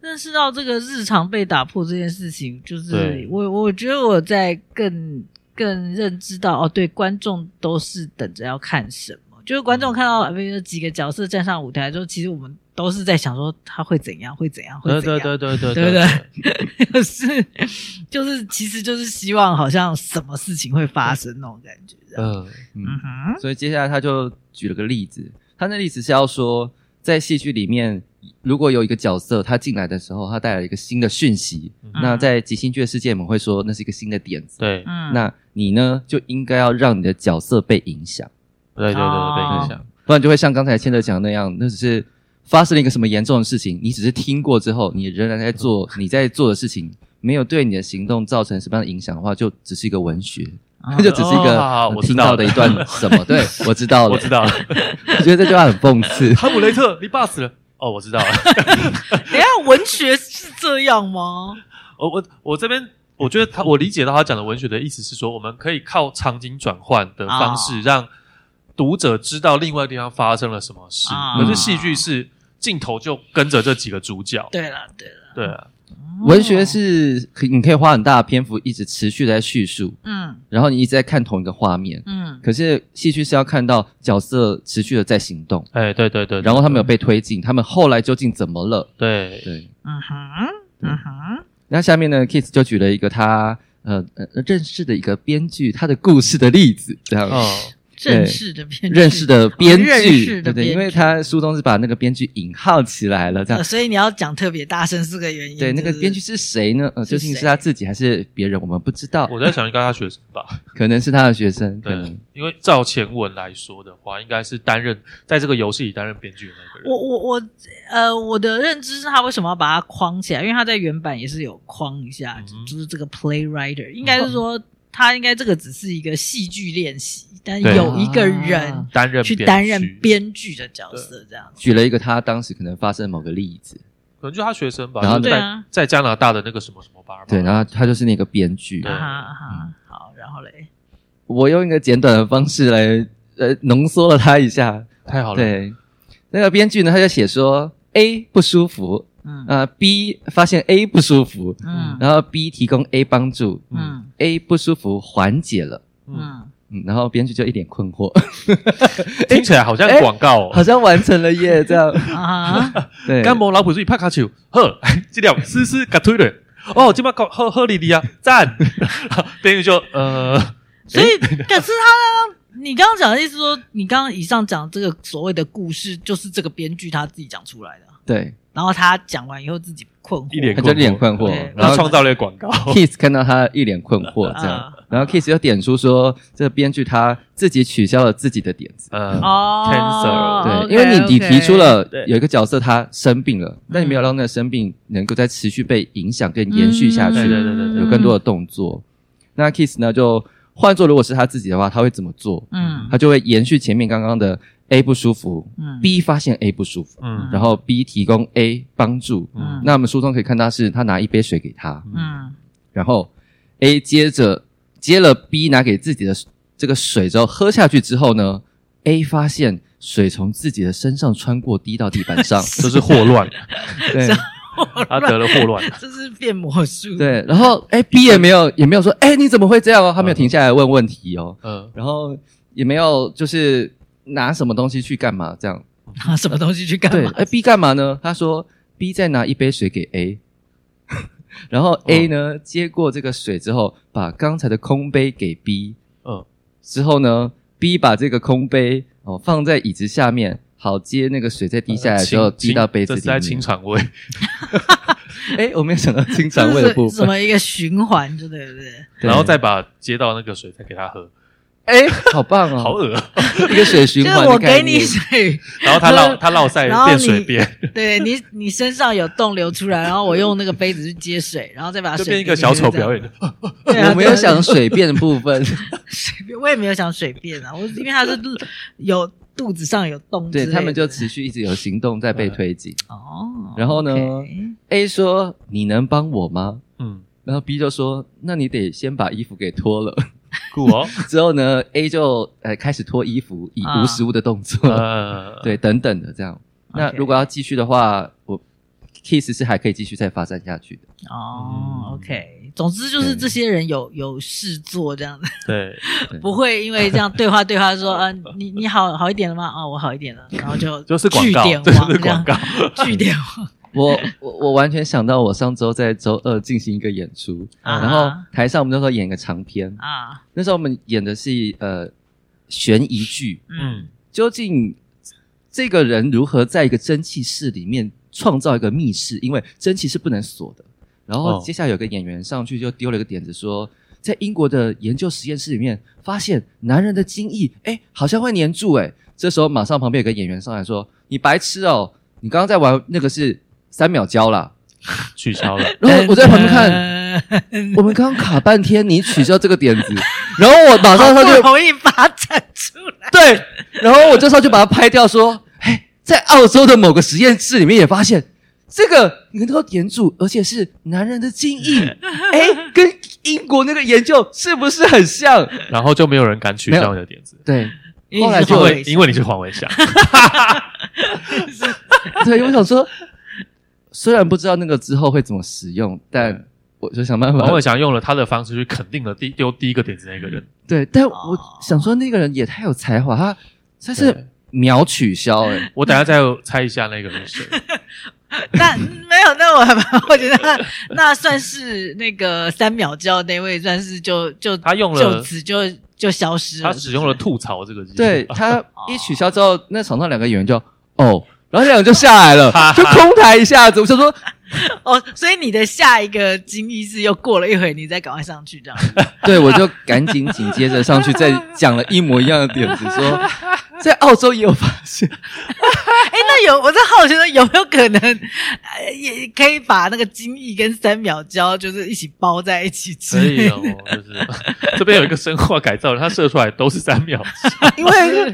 認識到這個日常被打破這件事情，就是我我覺得我在更更認知到哦，對，觀眾都是等着要看什麼。就是觀眾看到比如說幾個角色站上舞台，就其實我們都是在想說他會怎樣，會怎樣，會怎樣，對對對對對，對，對不對？對對對對對對 就是，就是，其實就是希望好像什麼事情會發生那種感覺。呃、嗯嗯哼。所以接下來他就舉了個例子，他那例子是要說，在戲劇裡面，如果有一個角色他進來的時候，他帶來一個新的訊息，嗯、那在即興劇的世界，我們會說那是一個新的點子。對，嗯。那你呢，就應該要讓你的角色被影響。對對對,對，被影響，不然就會像剛才謙德講的那樣，那只是發生了一個什麼嚴重的事情，你只是聽過之後，你仍然在做你在做的事情，沒有對你的行動造成什麼樣的影響的話，就只是一個文學，那、啊、 就只是一個我、哦呃、聽到的一段什麼？對，我知道了，我知道了。 我覺得這句話很諷刺。哈姆雷特，你爸死了？哦，我知道了。 等下，文學是這樣嗎？ 我我我這邊，我覺得他，我理解到他講的文學的意思是說，我們可以靠場景轉換的方式讓、哦。讀者知道另外地方發生了什麼事，啊，可是戲劇是鏡頭就跟着這幾個主角。對了，對了，對啊。文、哦、學是你可以花很大的篇幅一直持續在敘述，嗯，然後你一直在看同一個畫面，嗯。可是戲劇是要看到角色持續的在行動，哎，對對對，對對對，然後他們有被推進，他們後來究竟怎麼了？對對，嗯哼，嗯哼。那下面呢，Keith 就舉了一個他呃認識的一個編劇他的故事的例子，這樣。哦認識的編劇，認識的編劇，編劇哦、編劇對，對，對，因為他書中是把那個編劇引號起來了，這樣、呃，所以你要講特別大聲是個原因。對，就是、那個編劇是誰呢？究竟、呃、是他自己還是別人？我們不知道。我在想，應該他學生吧？ 可能是他的學生，對，可能。因為照前文來說的話，應該是擔任在這個遊戲裡擔任編劇的那個人。我我我，呃，我的認知是他為什麼要把它框起來？因為他在原版也是有框一下，嗯、就是這個 play writer，嗯、應該是說。嗯他應該這個只是一個戲劇練習，但是有一個人擔任去擔任編劇的角色，這樣子、啊、舉了一個他當時可能發生某個例子，可能就他學生吧，然後對、啊、在在加拿大的那個什麼什麼班，對，然後他就是那個編劇、嗯，哈哈，好，然後咧，我用一個簡短的方式來呃濃縮了他一下，太好了，對，那個編劇呢，他就寫說 A 不舒服，嗯，呃 B 發現 A 不舒服，嗯，然後 B 提供 A 幫助，嗯。嗯 A 不舒服緩解了，嗯，嗯然後編劇就一臉困惑， 聽起來好像廣告、喔欸欸、好像完成了耶 這樣啊,啊,啊,啊，對，干毛老虎注意拍卡丘，呵， 這條絲絲敢推了， 哦，這巴搞喝喝你的呀，讚，編劇就呃，所以、欸、可是他你剛剛講的意思說，你剛剛以上講這個所謂的故事，就是這個編劇他自己講出來的，對，然後他講完以後自己。困惑,一臉困惑，他就一臉困惑。他創造了一個廣告。Keith 看到他一臉困惑這樣，啊、然後 Keith 又點出說，啊、這個編劇他自己取消了自己的點子。哦、啊，嗯啊啊嗯 oh, cancel, 對，okay, okay, 因為你你提出了有一個角色他生病了，但你沒有讓那個生病能夠再持續被影響跟延續下去，嗯、有更多的動作。嗯、那 Keith 呢，就換作如果是他自己的話，他會怎麼做？嗯，他就會延續前面剛剛的。A 不舒服、嗯、B 發現 A 不舒服，嗯、然後 B 提供 A 幫助、嗯。那我們書中可以看到是，他拿一杯水給他，嗯、然後 A 接着接了 B 拿給自己的這個水，之後喝下去之後呢，A 發現水從自己的身上穿過，滴到地板上，這是霍亂， 對，他得了霍亂，這是變魔術。對，然後 a、欸、B 也沒有也沒有說哎、欸、你怎麼會這樣哦，他沒有停下來問問題哦，嗯，然後也沒有就是。拿什麼東西去幹嘛？這樣。拿、啊、什麼東西去幹嘛？哎、欸、，B 幹嘛呢？他說 B 再拿一杯水給 A， 然後 A 呢、哦、接過這個水之後，把剛才的空杯給 B。嗯，之後呢 B 把這個空杯哦放在椅子下面，好接那個水在滴下來之後滴到杯子裡面。這是在清腸胃。哎、 欸，我沒有想到清腸胃的部分怎麼一個循環，對不對，對？然後再把接到那個水再給他喝。哎、欸，好棒哦！好噁、啊，一個水循環。就我給你水， 然後他讓，他讓我在變水變。你對你，你身上有洞流出來，然後我用那個杯子去接水，然後再把水變這邊一個小丑表演的。我沒有想水變的部分，水 變我也沒有想水變啊。我因為他是有肚子上有洞之類的，對，他們就持續一直有行動在被推進。哦， 然後呢、okay.A 說：“你能幫我嗎？”嗯，然後 B 就說：“那你得先把衣服給脫了。”酷哦， 之後呢？A 就呃開始脫衣服，以無實物的動作，啊，對，等等的這樣。那如果要繼續的話，okay. 我 Kiss 是還可以繼續再發展下去的。哦、嗯、，OK，總之就是這些人有有事做這樣子，對，不會因為這樣對話對話說，嗯、啊，你你好好一點了嗎？啊，我好一點了，然後就就是廣告，就是廣告，句點王。就是 我我我完全想到，我上周在周二進行一個演出，啊、uh -huh.，然後台上我們那時候演一個長篇啊，uh -huh. 那時候我們演的是呃懸疑劇，嗯、uh -huh.，究竟這個人如何在一個蒸汽室裡面創造一個密室？因為蒸汽是不能鎖的。然後接下來有個演員上去就丟了一個點子說，說、uh -huh. 在英國的研究實驗室裡面發現男人的精液，哎、欸，好像會黏住、欸。哎，這時候馬上旁邊有個演員上來說：“你白痴哦、喔，你剛剛在玩那個是。”三秒交了，取消了。然後我在旁邊看，嗯嗯、我們剛剛卡半天，你取消這個點子，然後我馬上，上就他就同意把它展出來。對，然後我這時候就把它拍掉，說：“哎，在澳洲的某個實驗室裡面也發現這個你能夠點組，而且是男人的精液。哎、嗯，跟英國那個研究是不是很像？”然後就沒有人敢取消你的點子。對，後來就會因，因為你是黃煒翔。 對，我想說。雖然不知道那個之後會怎麼使用，但我就想辦法。黃煒翔用了他的方式去肯定了第丟第一個點子那個人。對，但我想說那個人也太有才華，他算是秒取消、欸。誒我等一下再猜一下那個人、就是誰。 那沒有，那我還我覺得 那算是那個三秒教的那位，算是就就他用了就此就就消失了。他使用了吐槽這個技巧。對， 他一取消之後，那場上兩個演員就哦。然後這樣就下來了， 就空台一下子。 我就說，哦、 oh，所以你的下一個經歷是又過了一會，你再趕快上去這樣子。 對，我就趕緊緊接着上去， 再講了一模一樣的點子，說。 在澳洲也有發現，哎、 欸，那有我在好奇說有沒有可能，呃、也可以把那個精液跟三秒膠就是一起包在一起吃？可以哦，就是這邊有一個生化改造 它射出來都是三秒。 因為是是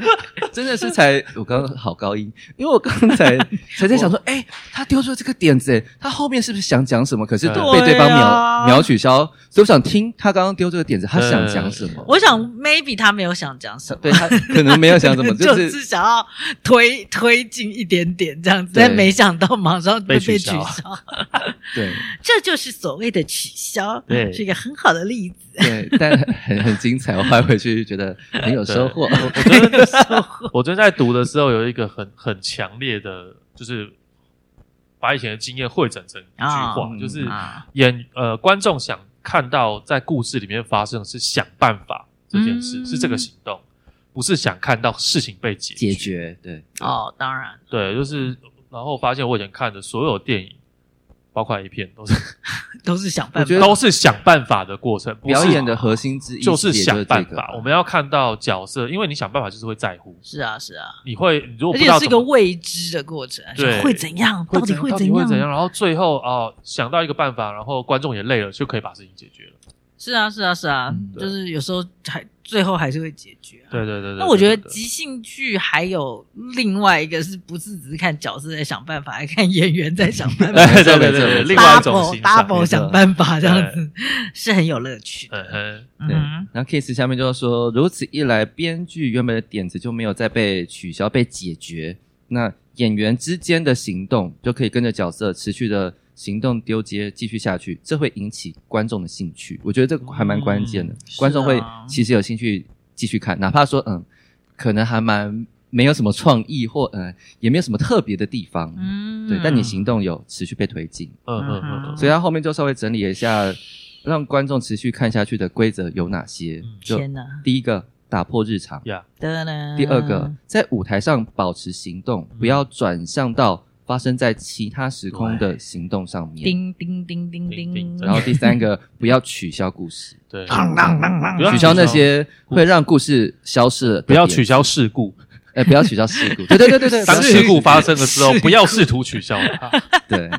真的是才我剛剛好高音，因為我剛才才在想說，哎、欸，他丟出了這個點子，他後面是不是想講什麼？可是被對方秒對、啊、秒取消，所以我想聽他剛剛丟這個點子，他想講什麼？我想 maybe 他沒有想講什麼，對，他可能沒有想怎麼。 就是想要推、就是、推進一點點這樣子，但沒想到馬上就被取消。取消 對，這就是所謂的取消，對，是一個很好的例子。對，但很很精彩， 我翻回去覺得很有收穫。收穫。 我昨天 在讀的時候有一個很很強烈的就是把以前的經驗彙整成一句話，哦、就是演、啊、呃觀眾想看到在故事裡面發生的是想辦法這件事，嗯、是這個行動。不是想看到事情被解決，解決。對，對哦，當然對，就是然後發現我以前看的所有電影，包括一片，都是 都是想辦法我覺得，都是想辦法的過程。表演的核心之一就是想就是、這個、辦法。我們要看到角色，因為你想辦法就是會在乎，是啊，是啊，你會，你如果而且是一個未知的過程，會怎樣？到底會怎樣？到底會怎樣？然後最後哦、呃，想到一個辦法，然後觀眾也累了，就可以把事情解決了。是啊，是啊，是啊、嗯，就是有時候還最後還是會解決、啊。對對對對。那我覺得即興劇還有另外一個是不是只是看角色在想辦法，還看演員在想辦法。對對對對，對對對 Double, 另外一種 Double 想辦法這樣子是很有樂趣，對對。嗯嗯，那 Keith 下面就是說，如此一來，編劇原本的點子就沒有再被取消被解決，那演員之間的行動就可以跟着角色持續的。行動丟接繼續下去，這會引起觀眾的興趣。我覺得這個還蠻關鍵的、嗯，觀眾會其實有興趣繼續看，啊、哪怕說嗯，可能還蠻沒有什麼創意或嗯也沒有什麼特別的地方，嗯，對。嗯、但你行動有持續被推進，嗯嗯嗯嗯。所以他後面就稍微整理一下、嗯，讓觀眾持續看下去的規則有哪些？嗯、就天哪！第一個打破日常，yeah、第二個在舞台上保持行動，嗯、不要轉向到。發生在其他時空的行動上面。叮叮叮叮叮。然後第三個， 不要取消故事。對。當當當當。不要取消那些會讓故事消失。不要取消事故。誒、欸、不要取消事故。 對對對對對。當事故發生的時候，不要試圖取消。對。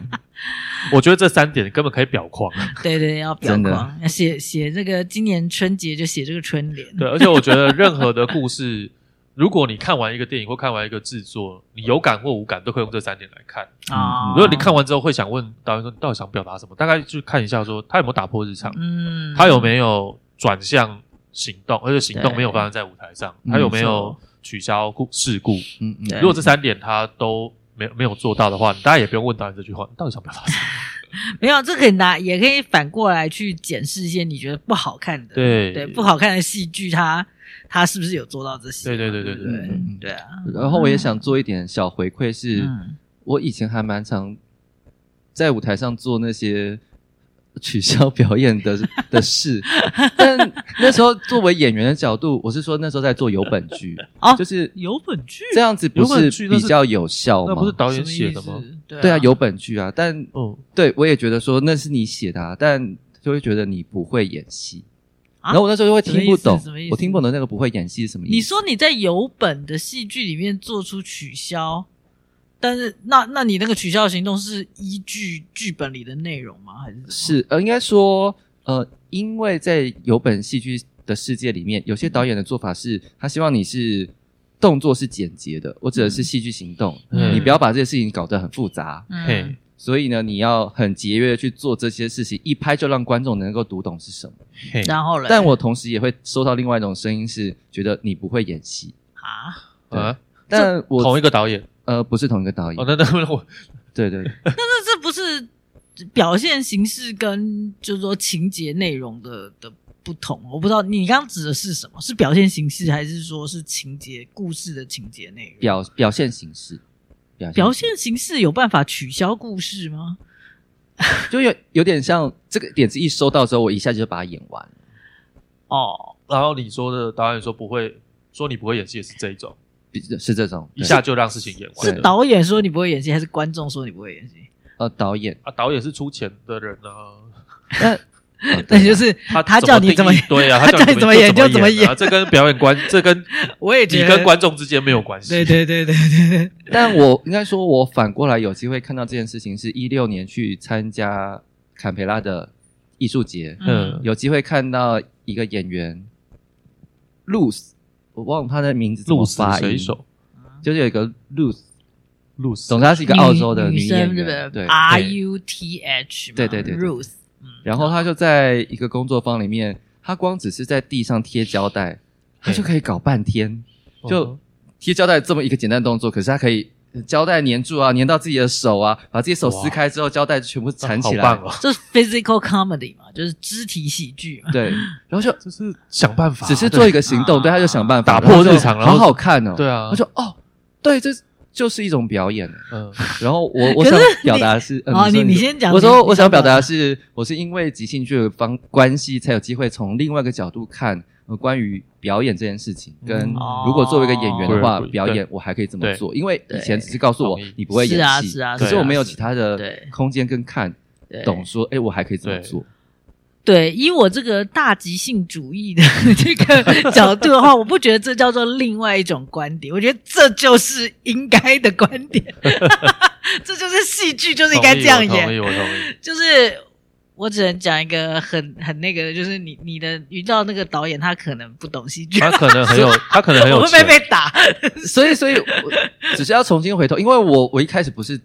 我覺得這三點根本可以裱框。 對，對對，要裱框。寫寫這個，今年春節就寫這個春聯。對，而且我覺得任何的故事。如果你看完一個電影或看完一個製作，你有感或無感都可以用這三點來看，嗯。如果你看完之後會想問導演說你到底想表達什麼，大概就看一下說他有沒有打破日常，嗯，他有沒有轉向行動，而且行動沒有發生在舞台上，他有沒有取消故事故？嗯，如果這三點他都沒沒有做到的話，你大家也不用問導演這句話，你到底想表達什麼？ 沒有，這可以拿，也可以反過來去檢視一些你覺得不好看的，對對，對，不好看的戲劇它。他是不是有做到這些？對對對對對對,對,對,對,對,對,對,對,對啊，嗯，然後我也想做一點小回饋是，是、嗯，我以前還蠻常在舞台上做那些取消表演的的事， 但那時候作為演員的角度，我是說那時候在做有本劇啊，就是有本劇這樣子不是比較有效嗎？那,那不是導演是寫的嗎？對啊，對啊，有本劇啊，但哦，對我也覺得說那是你寫的啊，但就會覺得你不會演戲。然後我那時候就會聽不懂，啊、什麼意思？我聽不懂那個不會演戲是什麼意思？你說你在有本的戲劇裡面做出取消，但是那那你那個取消行動是依據劇本裡的內容嗎？還是是呃，應該說呃，因為在有本戲劇的世界裡面，有些導演的做法是，他希望你是動作是簡潔的。我指的是戲劇行動、嗯，你不要把這些事情搞得很複雜。嗯嗯、嘿。所以呢，你要很節約的去做這些事情，一拍就讓觀眾能夠讀懂是什麼。嘿，然後呢，但我同時也會收到另外一種聲音，是覺得你不會演戲啊啊！但我同一個導演，呃，不是同一個導演。哦，那那，那我，對對，對。那那這不是表現形式跟就是說情節內容的的不同，我不知道你剛指的是什麼？是表現形式，還是說是情節故事的情節內容？表表現形式。表現形式有辦法取消故事嗎？ 就有有點像這個點子一收到之後，我一下就把它演完。哦、oh.，然後你說的導演說不會，說你不會演戲也是這一種，是，是這種，一下就讓事情演完了。是，是導演說你不會演戲，還是觀眾說你不會演戲？呃，導演啊，導演是出錢的人呢、啊。 哦對啊，那就是他他叫你怎麼演對呀，啊？他叫你，怎麼演，怎麼演就怎麼演、啊怎麼演啊，這跟表演觀， 這跟我也覺得，你跟觀眾之間沒有關係。對對對對對，對。但我應該說，我反過來有機會看到這件事情，是一六年去參加坎培拉的藝術節，嗯，有機會看到一個演員露絲。e，嗯、我忘了他的名字，露絲，銀手，就是有一個露絲，露 e l e 總之他是一個澳洲的女演女女對不對？Ruth，對對對露絲。e 嗯，然後他就在一個工作坊裡面，他光只是在地上貼膠帶，他就可以搞半天，就貼膠帶這麼一個簡單動作，可是他可以膠帶粘住啊，粘到自己的手啊，把自己手撕開之後，膠帶全部纏起來。這是 physical comedy 嘛，就是肢體喜劇嘛。對，然後就就是想辦法，啊，只是做一個行動，對，他就想辦法打破日常，好好看哦。對啊，他說哦，對，這是。就是一種表演，嗯， 然後我我想表達的是，嗯、呃啊。你你，你，你先講，我說我想表達的是，我是因為即興劇方關係才有機會從另外一個角度看，關於表演這件事情，跟如果作為一個演員的話，嗯嗯、演的話表演我還可以這麼做，因為以前只是告訴我你不會演戲啊，是啊，可是我沒有其他的空間跟看懂說，哎、欸，我還可以這麼做。對，以我這個大即興主義的這個角度的話， 我不覺得這叫做另外一種觀點，我覺得這就是應該的觀點，哈哈哈，這就是戲劇，就是應該這樣演。同意，我同意。同意就是我只能講一個很很那個，就是你你的遇到那個導演，他可能不懂戲劇，他可能很有他可能很有錢，會被，被打。所 以所以，所以我只是要重新回頭，因為我我一開始不是。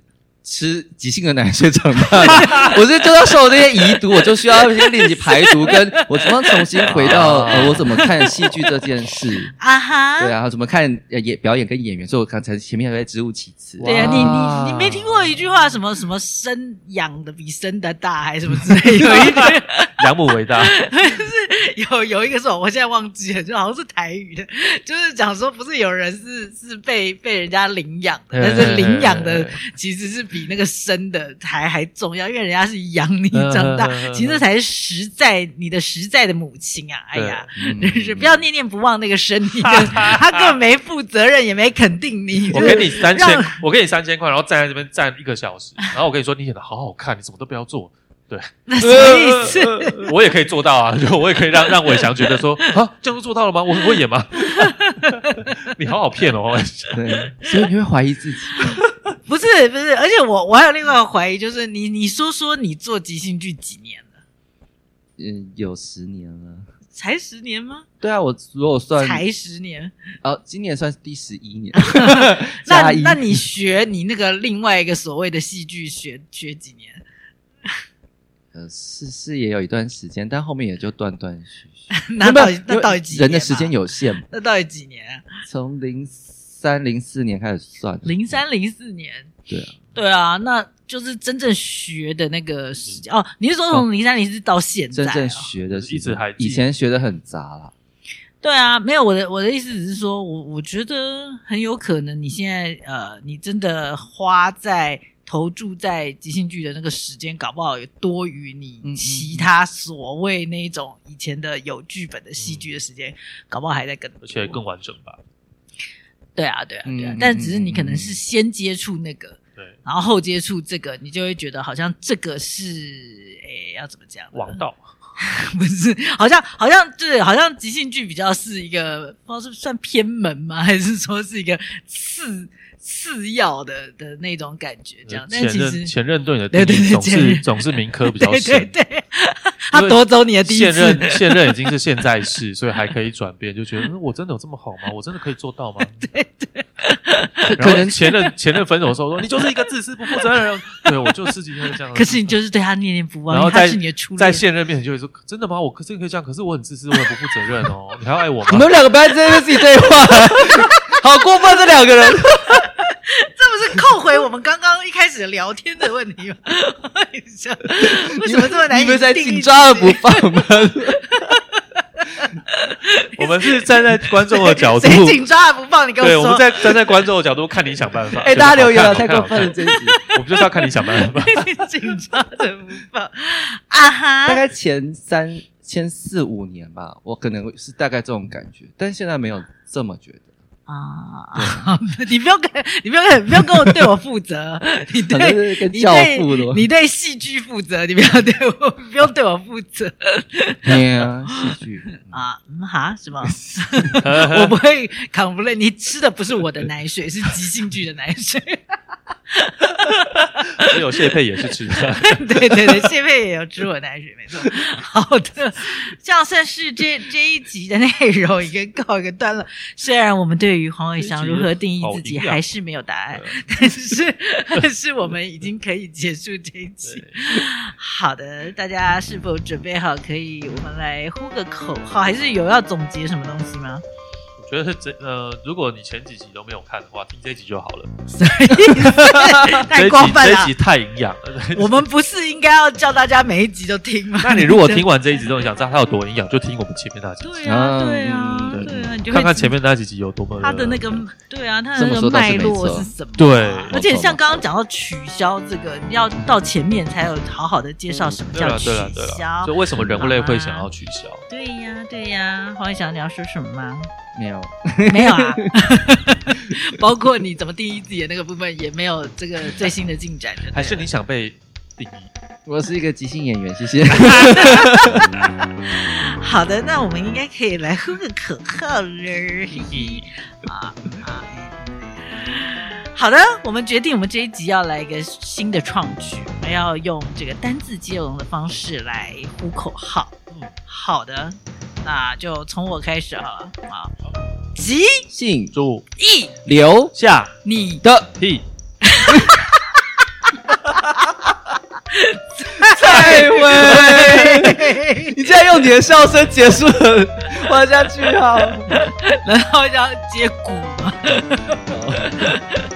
吃即興的奶水長大， 我這就要受這些遺毒，我就需要先練習排毒， 啊、跟我怎麼樣重新回到呃、 哦，我怎麼看戲劇這件事啊哈，uh -huh. 對啊，怎麼看呃演表演跟演員，所以我剛才前面還在支吾其詞。對啊，你你你沒聽過一句話什麼什麼生養的比生的大，還是什麼之類的？養母偉大。就是有有一個時候，我現在忘記了，就好像是台語的，就是講說不是有人是是被被人家領養的， 但是領養的其實是，比那個生的還還重要，因為人家是養你長大，呃、其實這才是實在你的實在的母親啊、呃！哎呀，真、嗯、是 不要念念不忘那個生你， 他根本沒負責任， 也沒肯定你，就是。我給你三千，我給你三千塊，然後站在這邊站一個小時，呃，然後我跟你說你演的好好看，你什麼都不要做。對，那什麼意思，呃呃。我也可以做到啊，就我也可以讓 讓煒翔覺得說啊，這樣都做到了嗎？我會演嗎？ 你好好騙哦。 對，所以你會懷疑自己。 不是不是，而且我我還有另外一個懷疑，就是你你說說你做即興劇幾年了？嗯，有十年了。才十年嗎？對啊，我如果我算才十年，哦，今年算是第十一年。 那年那，那你學你那個另外一個所謂的戲劇學學幾年？呃、 嗯，是是也有一段時間，但後面也就斷斷續續。 那到底那，那到底幾年？人的時間有限嘛？那到底幾年、啊？從零四。三零四年開始算，零三零四年，對啊，對啊，那就是真正學的那個時間、嗯、哦。你是說從零三零四到現在、哦哦、真正學的，其實還以前學的很雜了很雜啦。對啊，沒有我的我的意思只是說我我覺得很有可能你現在呃，你真的花在投注在即興劇的那個時間，搞不好也多於你其他所謂那一種以前的有劇本的戲劇的時間、嗯，搞不好還在更多而且更完整吧。對啊，對啊，對啊、嗯，但只是你可能是先接觸那個，對、嗯，然後後接觸這個，你就會覺得好像這個是，誒，要怎麼講？王道 不是？好像好像對好像即興劇比較是一個，不知道是算偏門嗎？還是說是一個次？次要的的那種感覺，這樣。前任前任對你的第一總是 總是民科比較深， 對，對對。他奪走你的第一次。現任現任已經是現在式，所以還可以轉變，就覺得、嗯、我真的有這麼好嗎？我真的可以做到嗎？ 對對。可能前任 前任分手的時候說，你就是一個自私不負責任人， 對，我就是今天這樣。 可是你就是對他念念不忘， 然後在他是你的初戀，在現任面前就會說，真的嗎？我這個可以這樣。」可是我很自私，我也不負責任哦， 你還要愛我嗎？你們兩個不要在這自己對話。 好過分，這兩個人， 這不是扣回我們剛剛一開始聊天的問題嗎？為什麼為什麼這麼難？你們在緊抓而不放嗎 我們是站在觀眾的角度，你緊抓而不放。你跟我說，對，我們在站在觀眾的角度看你想辦法。哎、欸欸，大家留言了，太過分了這一集，姐姐。我們就是要看你想辦法、辦法。緊抓而不放啊哈！ 大概前三、前四五年吧，我可能是大概這種感覺，但現在沒有這麼覺得。啊，啊，啊！你不要跟，你不要跟，不要跟我對我負責 你。你對，你對，你對戲劇負責。你不要對我，不要對我負責。 嗯、啊戲劇啊？嗯，好，什麼？ 我不會 complain。你吃的不是我的奶水， 是即興劇的奶水。哈 只有謝沛也是吃貨， 對對對，謝沛也有吃貨男神， 沒錯。好的，這樣算是這 這一集的內容一個告一個段了。雖然我們對於黃煒翔如何定義自己還是沒有答案，但是但是我們已經可以結束這一集。 好的，大家是否準備好？可以，我們來呼個口號，還是有要總結什麼東西嗎？覺得是這呃，如果你前幾集都沒有看的話，聽這一集就好了。所以。 太過分了，這一集， 這一集太營養了。我們不是應該要叫大家每一集都聽嗎？ 那你如果聽完這一集之後，就想知道它有多營養，就聽我們前面那集。對呀、啊啊，對呀、啊，對。對看看前面那幾集有多麼，他的那個對啊，他的那個脈絡是什麼？對，而且像剛剛講到取消這個、嗯，要到前面才有好好的介紹什麼叫取消。對，對，對。就為什麼人類會想要取消？對呀、啊，對呀、啊，黃煒翔，你要說什麼嗎？沒有， 沒有啊。 包括你怎麼定義自己的那個部分，也沒有這個最新的進展。還是你想被定義？我是一個即興演員，謝謝。 好的，那我們應該可以來呼個口號了。啊啊！好的，我們決定我們這一集要來一個新的創舉，我們要用這個單字接龍的方式來呼口號。好的，那就從我開始好了。啊，即興主義留下你的屁。 你會，你竟然用你的笑聲結束了，玩下去啊？ 然後要接骨嗎？ 好笑